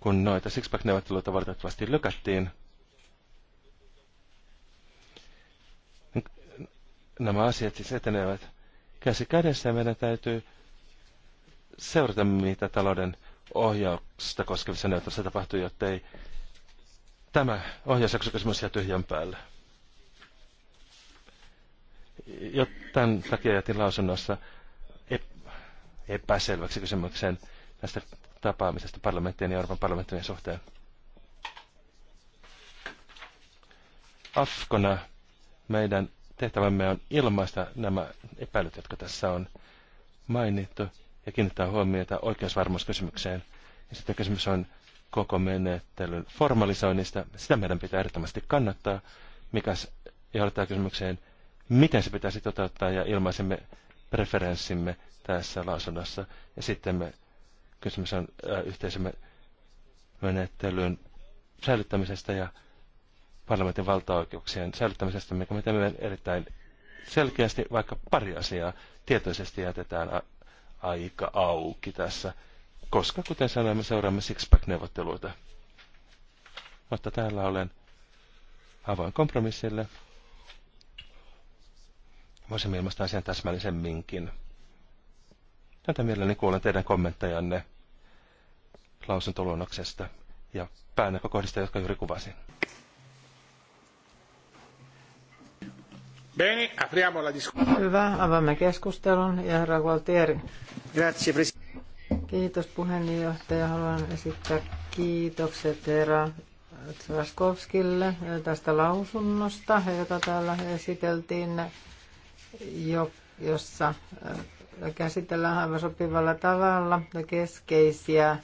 kun noita sixpack-neuvotteluita valitettavasti lykättiin, nämä asiat siis etenevät käsi kädessä ja meidän täytyy seurata, mitä talouden ohjauksesta koskevissa neuvotteluissa tapahtuu, jotta ei tämä kysymys jää tyhjän päälle. Jo tämän takia jätin lausunnossa epäselväksi kysymyksen tästä tapaamisesta parlamenttien ja Euroopan parlamenttien suhteen. Afkona meidän tehtävämme on ilmaista nämä epäilyt, jotka tässä on mainittu, ja kiinnittää huomiota oikeusvarmuuskysymykseen. Ja sitten kysymys on koko menettelyn formalisoinnista. Sitä meidän pitää erittäin kannattaa. Mikäs johdattaa kysymykseen, miten se pitäisi toteuttaa, ja ilmaisemme preferenssimme tässä lausunnossa. Ja sitten me, kysymys on yhteisemme menettelyn säilyttämisestä ja parlamentin valtaoikeuksien säilyttämisestä, mikä me teemme erittäin selkeästi, vaikka pari asiaa tietoisesti jätetään aika auki tässä, koska kuten sanoin, me seuraamme Sixpack-neuvotteluita. Mutta täällä olen avoin kompromissille. Voisimme ilmaista asian täsmällisemminkin. Tätä mielelläni kuulen teidän kommenttejanne lausuntoluonnoksesta ja päänäkökohdista, jotka juuri kuvasin.
Bene, apriamo la discussione.
Hyvä, avaamme keskustelun. Ja herra Gualtieri.
Grazie, presidente.
Kiitos puheenjohtaja. Haluan esittää kiitokset herra Traskovskille tästä lausunnosta, jota täällä esiteltiin, jo, jossa äh, käsitellään aivan sopivalla tavalla keskeisiä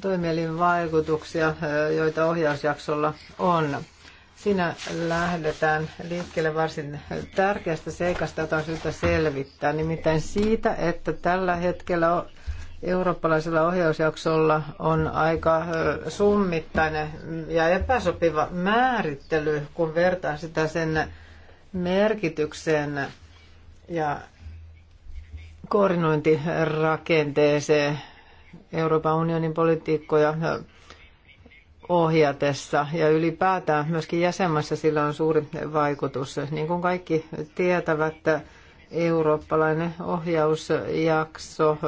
toimielin vaikutuksia, äh, joita ohjausjaksolla on. Siinä lähdetään liikkeelle varsin tärkeästä seikasta, jota on syytä selvittää, nimittäin siitä, että tällä hetkellä eurooppalaisella ohjausjaksolla on aika summittainen ja epäsopiva määrittely, kun vertaa sitä sen merkitykseen ja koordinointirakenteeseen Euroopan unionin politiikkoja ohjatessa ja ylipäätään myöskin jäsenmaissa sillä on suuri vaikutus. Niin kuin kaikki tietävät, eurooppalainen ohjausjakso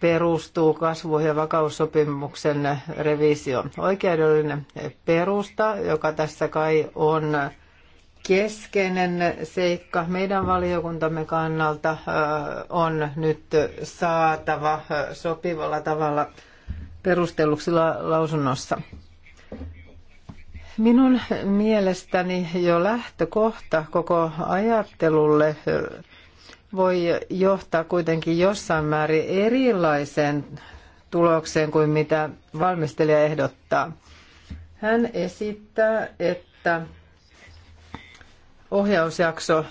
perustuu kasvu- ja vakaussopimuksen revisioon. Oikeudellinen perusta, joka tässä kai on keskeinen seikka meidän valiokuntamme kannalta, on nyt saatava sopivalla tavalla – perustelluksi lausunnossa. Minun mielestäni jo lähtökohta koko ajattelulle voi johtaa kuitenkin jossain määrin erilaiseen tulokseen kuin mitä valmistelija ehdottaa. Hän esittää, että ohjausjakso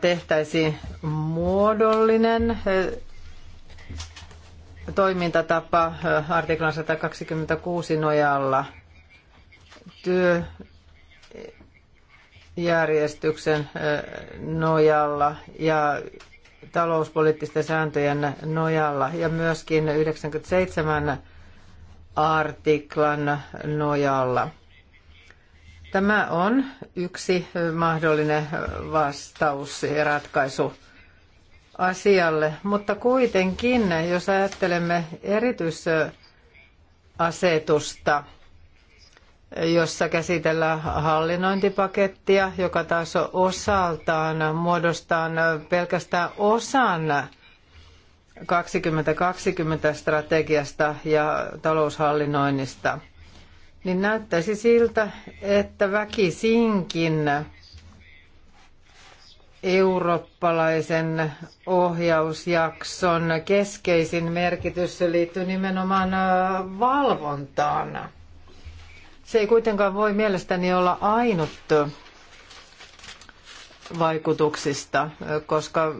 tehtäisiin muodollinen toimintatapa artiklan 126 nojalla työjärjestyksen nojalla ja talouspoliittisten sääntöjen nojalla ja myöskin 97 artiklan nojalla. Tämä on yksi mahdollinen vastaus ja ratkaisu asialle. Mutta kuitenkin, jos ajattelemme erityisasetusta, jossa käsitellään hallinnointipakettia, joka taas osaltaan muodostaa pelkästään osan 2020 strategiasta ja taloushallinnoinnista, niin näyttäisi siltä, että väkisinkin eurooppalaisen ohjausjakson keskeisin merkitys liittyy nimenomaan äh, valvontaan. Se ei kuitenkaan voi mielestäni olla ainut vaikutuksista, koska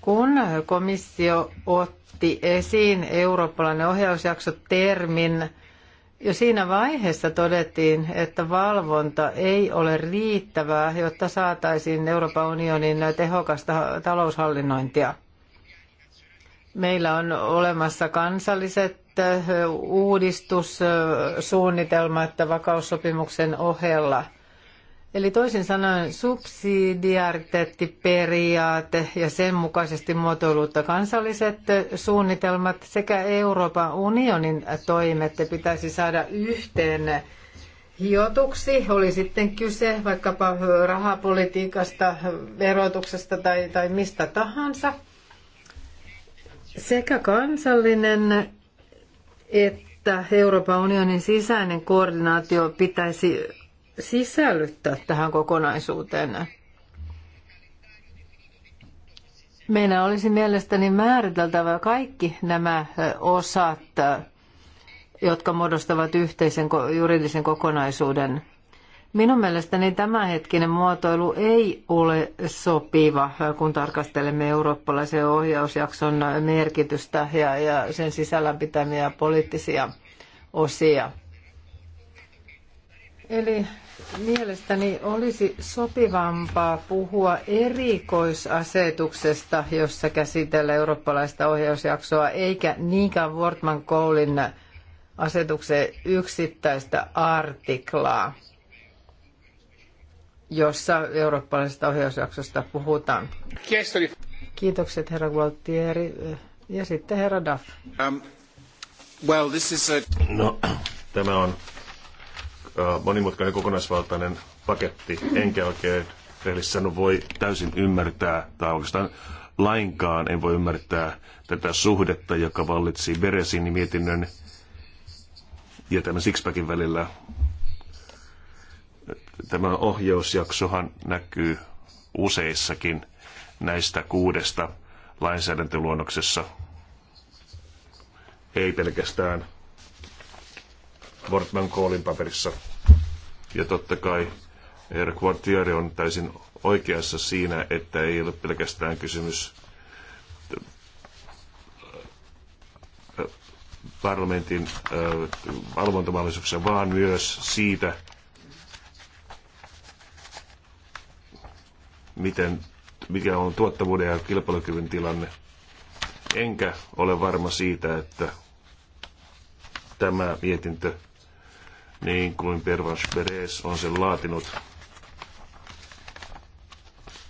kun komissio otti esiin eurooppalainen ohjausjakso termin, jo siinä vaiheessa todettiin, että valvonta ei ole riittävää, jotta saataisiin Euroopan unionin tehokasta taloushallinnointia. Meillä on olemassa kansalliset eh, uudistussuunnitelmat vakaussopimuksen ohella – Eli toisin sanoen subsidiariteettiperiaate ja sen mukaisesti muotoilutta kansalliset suunnitelmat sekä Euroopan unionin toimet pitäisi saada yhteen hiotuksi. Oli sitten kyse vaikkapa rahapolitiikasta, verotuksesta tai, tai mistä tahansa. Sekä kansallinen että Euroopan unionin sisäinen koordinaatio pitäisi sisällyttää tähän kokonaisuuteen. Meidän olisi mielestäni määriteltävä kaikki nämä osat, jotka muodostavat yhteisen juridisen kokonaisuuden. Minun mielestäni tämänhetkinen muotoilu ei ole sopiva, kun tarkastelemme eurooppalaisen ohjausjakson merkitystä ja, ja sen sisällä pitämiä poliittisia osia. Eli Mielestäni olisi sopivampaa puhua erikoisasetuksesta, jossa käsitellään eurooppalaista ohjausjaksoa, eikä niinkään Wortman Koulin asetuksen yksittäistä artiklaa, jossa eurooppalaisesta ohjausjaksosta puhutaan. Kiitokset herra Gualtieri ja sitten herra Duff.
Um, well, this is a... no, tämä on monimutkainen kokonaisvaltainen paketti, enkä oikein rehellisesti sano voi täysin ymmärtää, tai oikeastaan lainkaan en voi ymmärtää tätä suhdetta, joka vallitsi Beresin mietinnön ja tämän Sixpackin välillä. Tämä ohjausjaksohan näkyy useissakin näistä kuudesta lainsäädäntöluonnoksessa. Ei pelkästään Wortman Koolin paperissa. Ja totta kai Eric Quartieri on täysin oikeassa siinä, että ei ole pelkästään kysymys äh, parlamentin äh, valvontamahdollisuuksia, vaan myös siitä, miten, mikä on tuottavuuden ja kilpailukyvyn tilanne. Enkä ole varma siitä, että tämä mietintö niin kuin Pervas Perez on sen laatinut,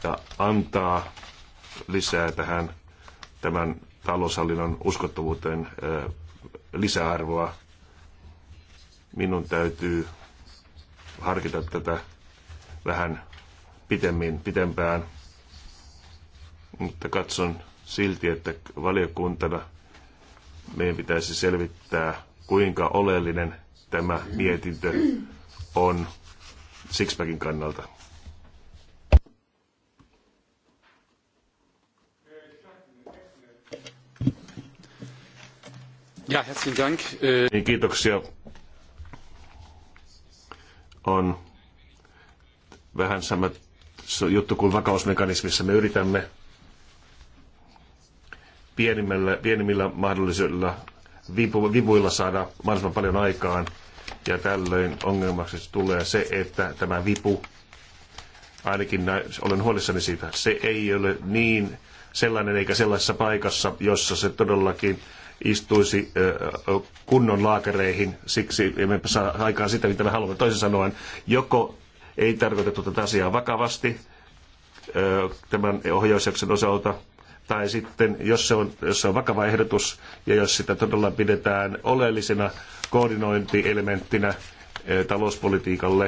ja antaa lisää tähän tämän taloushallinnon uskottavuuteen lisäarvoa. Minun täytyy harkita tätä vähän pitemmin, pitempään, mutta katson silti, että valiokuntana meidän pitäisi selvittää, kuinka oleellinen tämä mietintö on Sixpackin kannalta. Ja, herzlichen Dank. Niin, kiitoksia. On vähän sama juttu kuin vakausmekanismissa. Me yritämme pienimmillä, pienimmillä mahdollisilla vipuilla saada mahdollisimman paljon aikaan – ja tällöin ongelmaksi tulee se, että tämä vipu, ainakin olen huolissani siitä, se ei ole niin sellainen eikä sellaisessa paikassa, jossa se todellakin istuisi kunnon laakereihin, siksi emme saa aikaan sitä, mitä me haluamme. Toisin sanoen, joko ei tarkoitettu tätä asiaa vakavasti tämän ohjausjakson osalta, tai sitten jos se, on, jos se on vakava ehdotus ja jos sitä todella pidetään oleellisena koordinointielementtinä eh, talouspolitiikalle,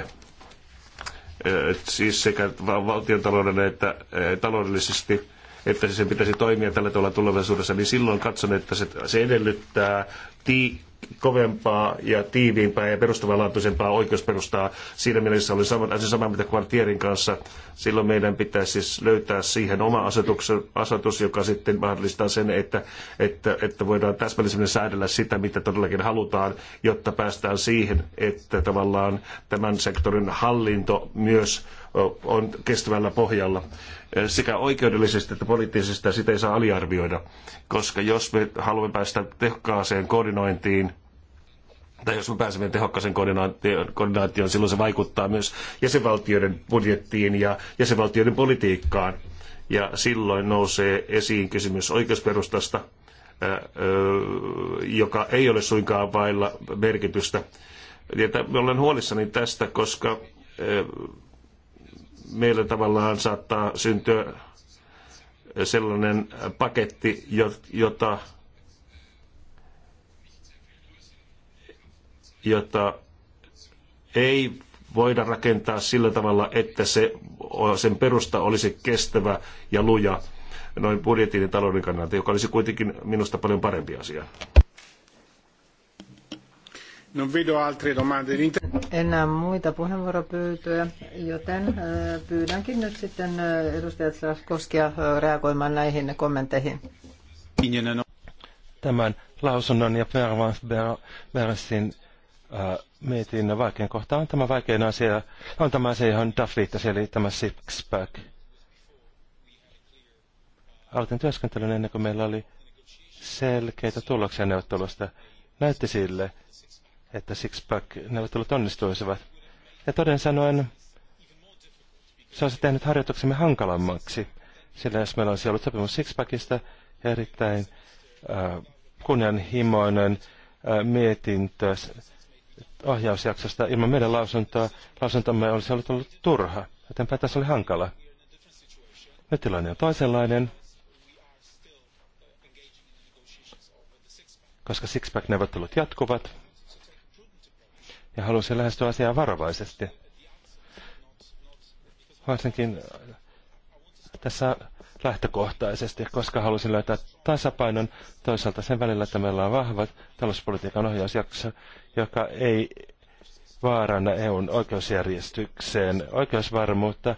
eh, siis sekä valtiontalouden että eh, taloudellisesti, että sen pitäisi toimia tällä tavalla tulevaisuudessa, niin silloin katson, että se, se edellyttää ti, kovempaa ja tiiviimpää ja perustavanlaatuisempaa oikeusperustaa. Siinä mielessä oli sama, asia sama mitä Quartierin kanssa. Silloin meidän pitäisi siis löytää siihen oma asetus, joka sitten mahdollistaa sen, että, että, että voidaan täsmällisemmin säädellä sitä, mitä todellakin halutaan, jotta päästään siihen, että tavallaan tämän sektorin hallinto myös on kestävällä pohjalla. Eh, sekä oikeudellisesti että poliittisesti sitä ei saa aliarvioida, koska jos me haluamme päästä tehokkaaseen koordinointiin, tai jos me pääsemme tehokkaaseen koordinaatioon, koordinaatioon, silloin se vaikuttaa myös jäsenvaltioiden budjettiin ja jäsenvaltioiden politiikkaan. Ja silloin nousee esiin kysymys oikeusperustasta, eh, eh, joka ei ole suinkaan vailla merkitystä. Ja me olen huolissani tästä, koska meillä tavallaan saattaa syntyä sellainen paketti, jota, jota ei voida rakentaa sillä tavalla, että se, sen perusta olisi kestävä ja luja noin budjetin ja talouden kannalta, joka olisi kuitenkin minusta paljon parempi asia. Non vedo altre domande.
Enää muita puheenvuoropyyntöjä, joten pyydänkin nyt sitten edustaja Koskia reagoimaan näihin kommentteihin.
Tämän lausunnon ja Pervansin mietinnön vaikein kohta on tämä vaikein asia, on tämä asia, johon Duff viittasi, eli tämä six-pack. Aloitin työskentelyn ennen kuin meillä oli selkeitä tuloksia neuvottelusta. Näytti sille, että Sixpack-neuvottelut onnistuisivat. Ja toden sanoen se olisi tehnyt harjoituksemme hankalammaksi, sillä jos meillä olisi ollut sopimus Sixpackista ja erittäin äh, kunnianhimoinen äh, mietintö ohjausjaksosta ilman meidän lausuntoa, lausuntomme olisi ollut, ollut turha, joten päätös oli hankala. Nyt tilanne on toisenlainen, koska Sixpack-neuvottelut jatkuvat ja halusin lähestyä asiaa varovaisesti. Varsinkin äh, tässä lähtökohtaisesti, koska halusin löytää tasapainon toisaalta sen välillä, että meillä on vahva talouspolitiikan ohjausjakso, joka ei vaaranna EUn oikeusjärjestykseen oikeusvarmuutta,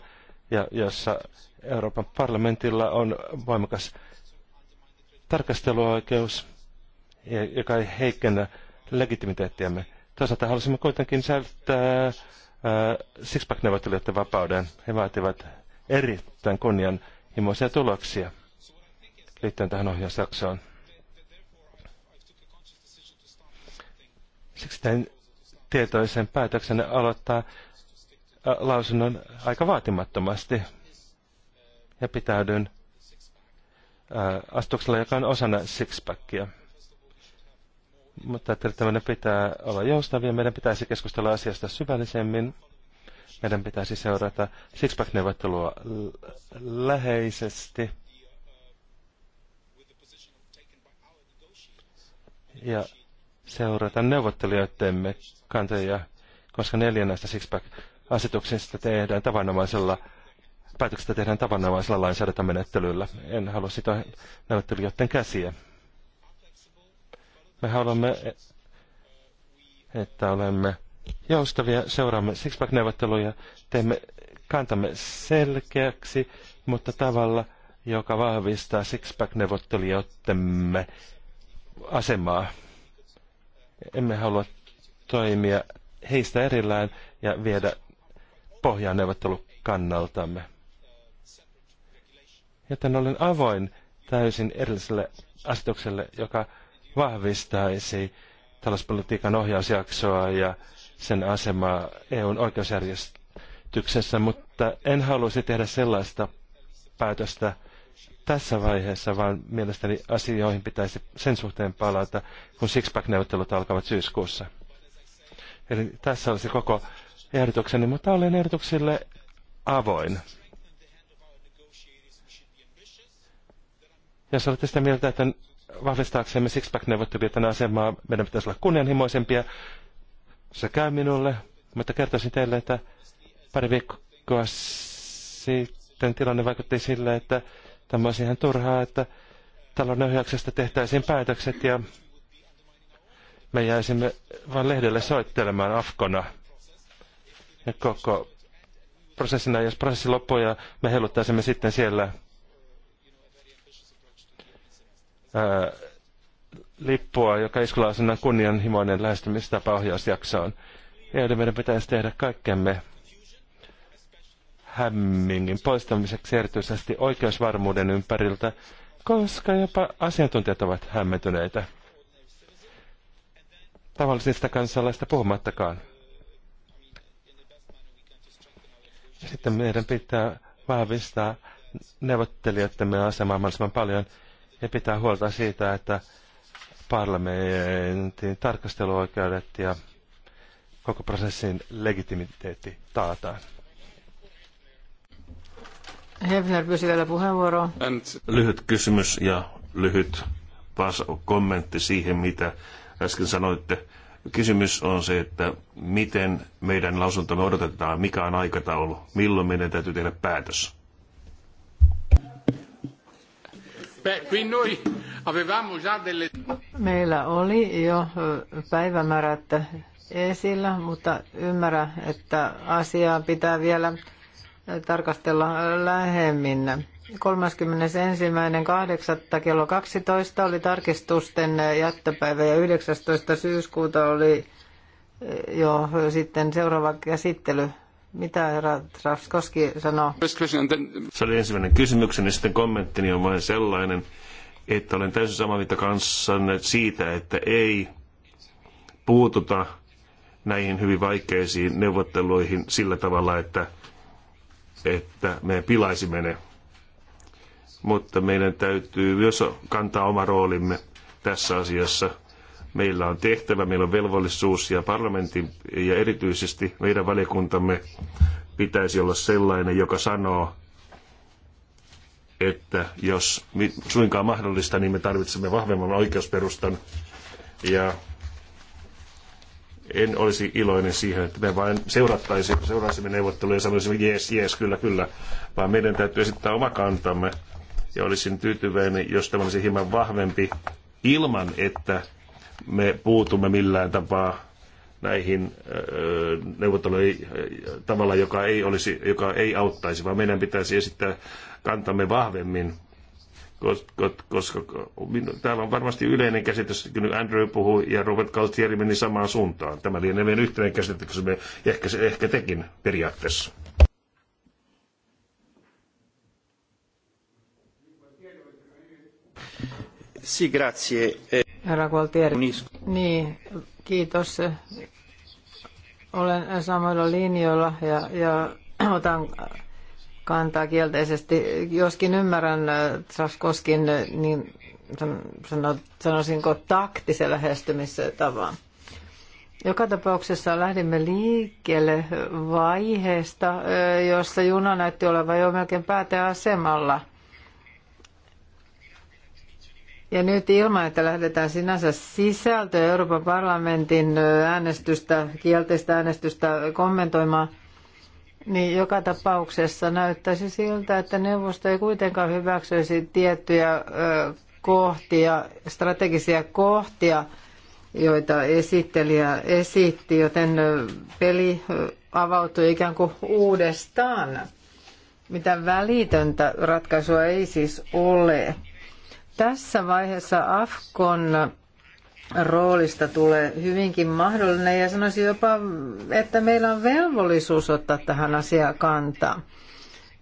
ja jossa Euroopan parlamentilla on voimakas tarkasteluoikeus, joka ei heikennä legitimiteettiämme. Toisaalta halusimme kuitenkin säilyttää äh, Sixpack-neuvottelijoiden vapauden. He vaativat erittäin kunnianhimoisia tuloksia liittyen tähän ohjausjaksoon. Siksi tein tietoisen päätöksen aloittaa äh, lausunnon aika vaatimattomasti ja pitäydyn äh, astuksella, joka on osana sixpackia. Mutta tämä pitää olla joustavia, meidän pitäisi keskustella asiasta syvällisemmin. Meidän pitäisi seurata Sixpack-neuvottelua läheisesti. Ja seurata neuvottelijoidemme kantoja, koska neljä näistä Sixpack-asetuksista tehdään tavanomaisella päätöksestä tehdään tavanomaisella lainsäädäntömenettelyllä. En halua sitä neuvottelijoiden käsiä. Me haluamme, että olemme joustavia, seuraamme Sixpack-neuvotteluja, teemme kantamme selkeäksi, mutta tavalla, joka vahvistaa Sixpack-neuvottelijoittemme asemaa. Emme halua toimia heistä erillään ja viedä pohjaa neuvottelukannaltamme. Joten olen avoin täysin erilliselle asetukselle, joka vahvistaisi talouspolitiikan ohjausjaksoa ja sen asemaa EUn oikeusjärjestyksessä, mutta en haluaisi tehdä sellaista päätöstä tässä vaiheessa, vaan mielestäni asioihin pitäisi sen suhteen palata, kun Sixpack-neuvottelut alkavat syyskuussa. Eli tässä olisi koko ehdotukseni, mutta olen ehdotuksille avoin. Jos olette sitä mieltä, että vahvistaaksemme Sixpack-neuvottelijoiden asemaa, meidän pitäisi olla kunnianhimoisempia. Se käy minulle, mutta kertoisin teille, että pari viikkoa sitten tilanne vaikutti sille, että tämä olisi ihan turhaa, että talon ohjauksesta tehtäisiin päätökset ja me jäisimme vain lehdelle soittelemaan Afkona. Ja koko prosessina, jos prosessi loppuu ja me heiluttaisimme sitten siellä ää, lippua, joka iskulausunnan kunnianhimoinen lähestymistapa ohjausjaksoon. Ja meidän pitäisi tehdä kaikkemme hämmingin poistamiseksi erityisesti oikeusvarmuuden ympäriltä, koska jopa asiantuntijat ovat hämmentyneitä. Tavallisista kansalaista puhumattakaan. Sitten meidän pitää vahvistaa neuvottelijoittemme asemaa mahdollisimman paljon – ne pitää huolta siitä, että parlamentin tarkasteluoikeudet ja koko prosessin legitimiteetti taataan.
Hefner pyysi vielä puheenvuoroa.
Lyhyt kysymys ja lyhyt kommentti siihen, mitä äsken sanoitte. Kysymys on se, että miten meidän lausuntomme odotetaan, mikä on aikataulu, milloin meidän täytyy tehdä päätös.
Meillä oli jo päivämäärät esillä, mutta ymmärrä, että asiaa pitää vielä tarkastella lähemmin. 31.8. kello 12 oli tarkistusten jättöpäivä ja 19. syyskuuta oli jo sitten seuraava käsittely mitä herra Traskoski sanoo?
Se oli ensimmäinen kysymykseni, sitten kommenttini on vain sellainen, että olen täysin samaa mieltä kanssanne siitä, että ei puututa näihin hyvin vaikeisiin neuvotteluihin sillä tavalla, että, että me pilaisimme ne. Mutta meidän täytyy myös kantaa oma roolimme tässä asiassa – Meillä on tehtävä, meillä on velvollisuus ja parlamentin ja erityisesti meidän valiokuntamme pitäisi olla sellainen, joka sanoo, että jos suinkaan mahdollista, niin me tarvitsemme vahvemman oikeusperustan ja en olisi iloinen siihen, että me vain seurattaisimme, seuraisimme neuvotteluja ja sanoisimme jees, jees, kyllä, kyllä, vaan meidän täytyy esittää oma kantamme. Ja olisin tyytyväinen, jos tämä olisi hieman vahvempi ilman, että me puutumme millään tapaa näihin neuvotteluihin tavalla, joka ei, olisi, joka ei auttaisi, vaan meidän pitäisi esittää kantamme vahvemmin koska täällä on varmasti yleinen käsitys, kun Andrew puhui ja Robert Galtieri meni samaan suuntaan. Tämä lienee meidän yhteinen me ehkä, ehkä tekin periaatteessa.
grazie. Eh,
Herra Gualtieri. Niin, kiitos. Olen samoilla linjoilla ja, ja otan kantaa kielteisesti. Joskin ymmärrän äh, Traskoskin, äh, niin sanoisinko taktisen lähestymistavan. Joka tapauksessa lähdimme liikkeelle vaiheesta, äh, jossa juna näytti olevan jo melkein pääteasemalla – ja nyt ilman, että lähdetään sinänsä sisältö Euroopan parlamentin äänestystä, kielteistä äänestystä kommentoimaan, niin joka tapauksessa näyttäisi siltä, että neuvosto ei kuitenkaan hyväksyisi tiettyjä kohtia, strategisia kohtia, joita esittelijä esitti, joten peli avautui ikään kuin uudestaan. Mitä välitöntä ratkaisua ei siis ole. Tässä vaiheessa Afkon roolista tulee hyvinkin mahdollinen ja sanoisin jopa, että meillä on velvollisuus ottaa tähän asiaan kantaa.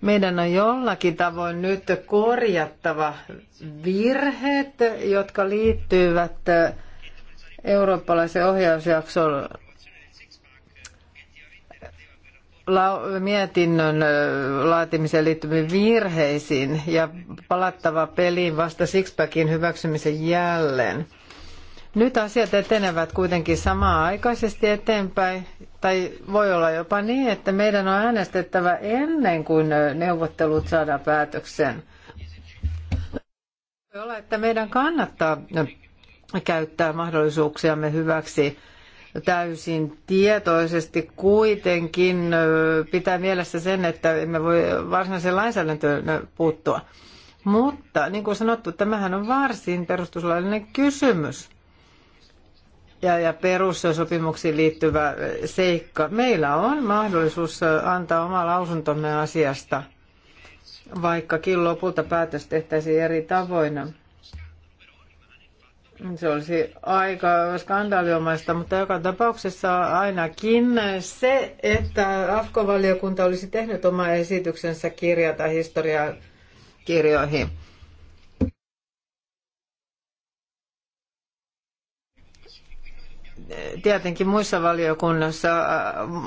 Meidän on jollakin tavoin nyt korjattava virheet, jotka liittyvät eurooppalaisen ohjausjakson mietinnön laatimiseen liittyviin virheisiin ja palattava peliin vasta Sixpackin hyväksymisen jälleen. Nyt asiat etenevät kuitenkin samaa aikaisesti eteenpäin, tai voi olla jopa niin, että meidän on äänestettävä ennen kuin neuvottelut saadaan päätökseen. Voi olla, että meidän kannattaa käyttää mahdollisuuksiamme hyväksi täysin tietoisesti kuitenkin pitää mielessä sen, että emme voi varsinaiseen lainsäädäntöön puuttua. Mutta niin kuin sanottu, tämähän on varsin perustuslaillinen kysymys ja, ja perussopimuksiin liittyvä seikka. Meillä on mahdollisuus antaa oma lausuntomme asiasta, vaikkakin lopulta päätös tehtäisiin eri tavoin. Se olisi aika skandaaliomaista, mutta joka tapauksessa ainakin se, että AFKO-valiokunta olisi tehnyt oma esityksensä kirjata historiakirjoihin. Tietenkin muissa valiokunnissa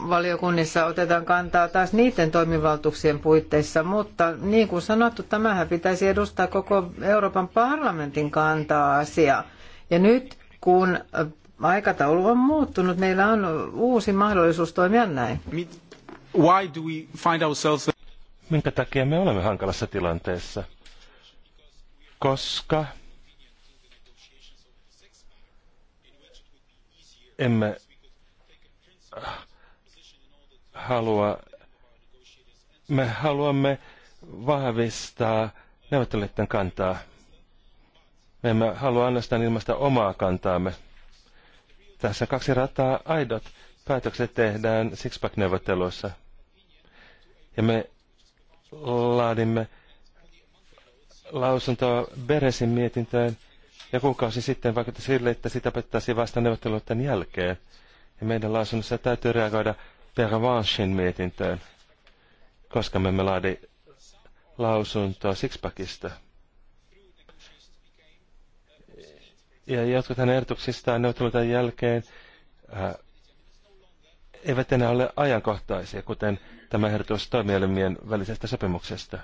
valiokunnissa otetaan kantaa taas niiden toimivaltuuksien puitteissa, mutta niin kuin sanottu, tämähän pitäisi edustaa koko Euroopan parlamentin kantaa asiaa ja nyt kun äh, aikataulu on muuttunut, meillä on uusi mahdollisuus toimia näin.
Why do we find ourselves... Minkä takia me olemme hankalassa tilanteessa? Koska emme äh, halua, me haluamme vahvistaa neuvottelijoiden kantaa. Me emme halua ainoastaan ilmaista omaa kantaamme. Tässä kaksi rataa aidot. Päätökset tehdään Sixpack-neuvotteluissa. Ja me laadimme lausuntoa Beresin mietintöön, ja kuukausi sitten vaikutti sille, että sitä pettäisi vasta neuvotteluiden jälkeen. Ja meidän lausunnossa täytyy reagoida Peravanshin mietintöön, koska me emme laadi lausuntoa Sixpackista. Ja jotkut hänen ehdotuksistaan neuvotteluiden jälkeen ää, äh, eivät enää ole ajankohtaisia, kuten tämä ehdotus toimielimien välisestä sopimuksesta.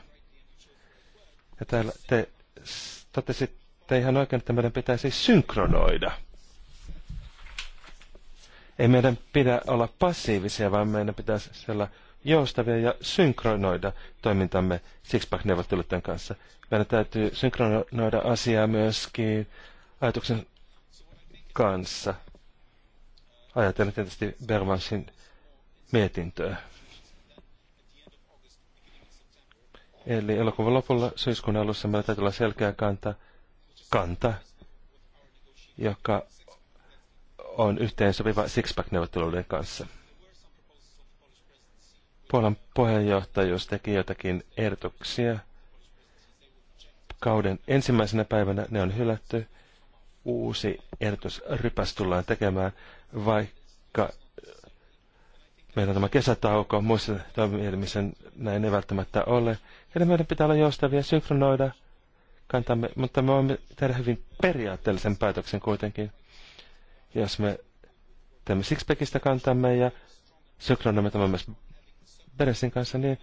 Ja täällä te totesitte ihan oikein, että meidän pitäisi synkronoida. Ei meidän pidä olla passiivisia, vaan meidän pitäisi olla joustavia ja synkronoida toimintamme Sixpack-neuvotteluiden kanssa. Meidän täytyy synkronoida asiaa myöskin ajatuksen kanssa. Ajatellen tietysti Bermansin mietintöä. Eli elokuvan lopulla syyskuun alussa meillä täytyy olla selkeä kanta, kanta joka on yhteensopiva Sixpack-neuvotteluiden kanssa. Puolan puheenjohtajuus teki jotakin ehdotuksia. Kauden ensimmäisenä päivänä ne on hylätty uusi ehdotusrypäs tullaan tekemään, vaikka meillä on tämä kesätauko, muissa toimielimissä näin ei välttämättä ole. Eli meidän pitää olla joustavia, synkronoida kantamme, mutta me voimme tehdä hyvin periaatteellisen päätöksen kuitenkin, jos me teemme Sixpackista kantamme ja synkronoimme tämän myös Beresin kanssa, niin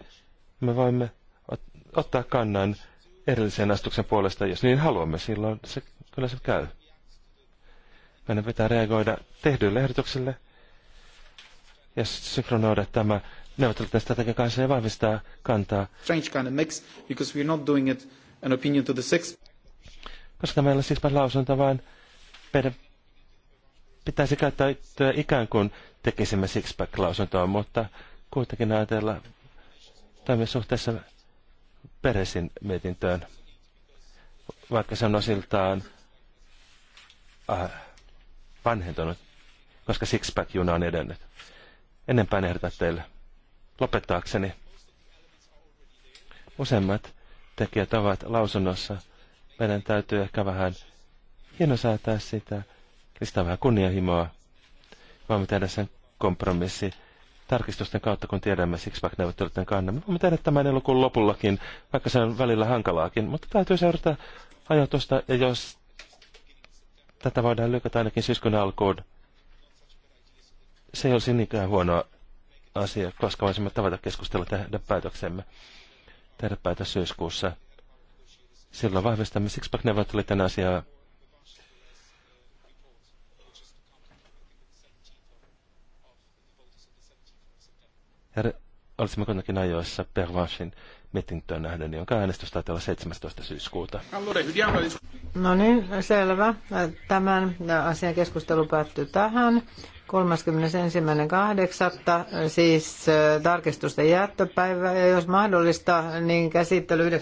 me voimme ot ottaa kannan edellisen astuksen puolesta, jos niin haluamme, silloin se, kyllä se käy. Meidän pitää reagoida tehdyille ehdotuksille ja synkronoida tämä neuvotteluiden strategian kanssa ja vahvistaa kantaa. Strange kind of mix, because we're not doing it an opinion to the six. Koska meillä siis vain, lausunto, vaan meidän pitäisi käyttää ikään kuin tekisimme Sixpack-lausuntoa, mutta kuitenkin ajatella toimia suhteessa Peresin mietintöön, vaikka se on osiltaan äh, vanhentunut, koska Sixpack-juna on edennyt. Enempää ehdotan teille. Lopettaakseni. Useimmat tekijät ovat lausunnossa. Meidän täytyy ehkä vähän hienosäätää sitä, listaa vähän kunnianhimoa. Voimme tehdä sen kompromissi tarkistusten kautta, kun tiedämme Sixpack-neuvotteluiden kannan. Me voimme tehdä tämän elokuun lopullakin, vaikka se on välillä hankalaakin, mutta täytyy seurata ajatusta, ja jos tätä voidaan lykätä ainakin syyskuun alkuun. Se ei olisi niinkään huono asia, koska voisimme tavata keskustella tehdä päätöksemme. Tehdä päätös syyskuussa. Silloin vahvistamme Sixpack neuvottelut asiaa olisimme kuitenkin ajoissa Pervanchin mietintöön nähden, jonka äänestys taitaa olla 17. syyskuuta.
No niin, selvä. Tämän asian keskustelu päättyy tähän. 31.8. siis äh, tarkistusten jättöpäivä ja jos mahdollista, niin käsittely 19.9.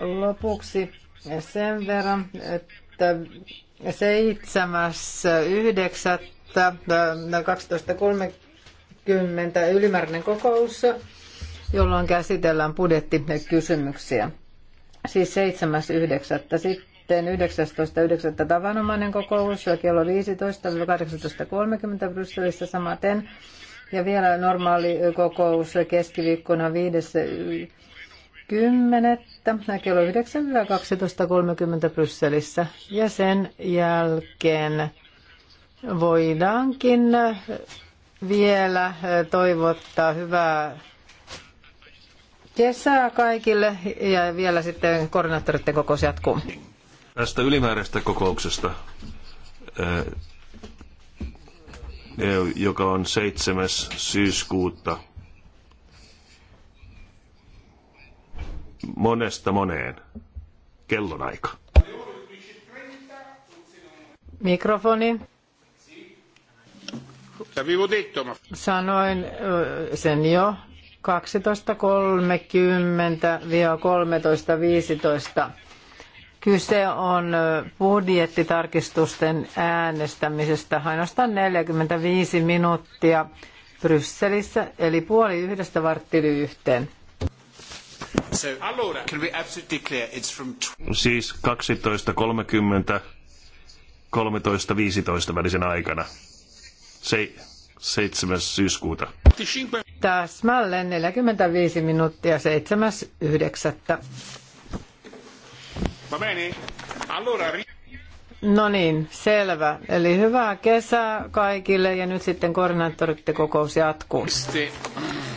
Lopuksi sen verran, että 7.9. 12.30 20 ylimääräinen kokous, jolloin käsitellään budjettikysymyksiä. Siis 7.9. Sitten 19.9. tavanomainen kokous ja kello 15-18.30 Brysselissä samaten. Ja vielä normaali kokous keskiviikkona 5.10. kello 9-12.30 Brysselissä. Ja sen jälkeen voidaankin vielä äh, toivottaa hyvää kesää kaikille ja vielä sitten koordinaattoreiden kokous jatkuu.
Tästä ylimääräisestä kokouksesta, äh, e, joka on 7. syyskuuta monesta moneen kellonaika.
Mikrofoni. Sanoin sen jo 12.30-13.15. Kyse on budjettitarkistusten äänestämisestä ainoastaan 45 minuuttia Brysselissä, eli puoli yhdestä varttili yhteen.
Siis 12.30 13.15 välisen aikana se, 7. syyskuuta.
Täsmälleen 45 minuuttia 7.9. No niin, selvä. Eli hyvää kesää kaikille ja nyt sitten koordinaattorit kokous jatkuu.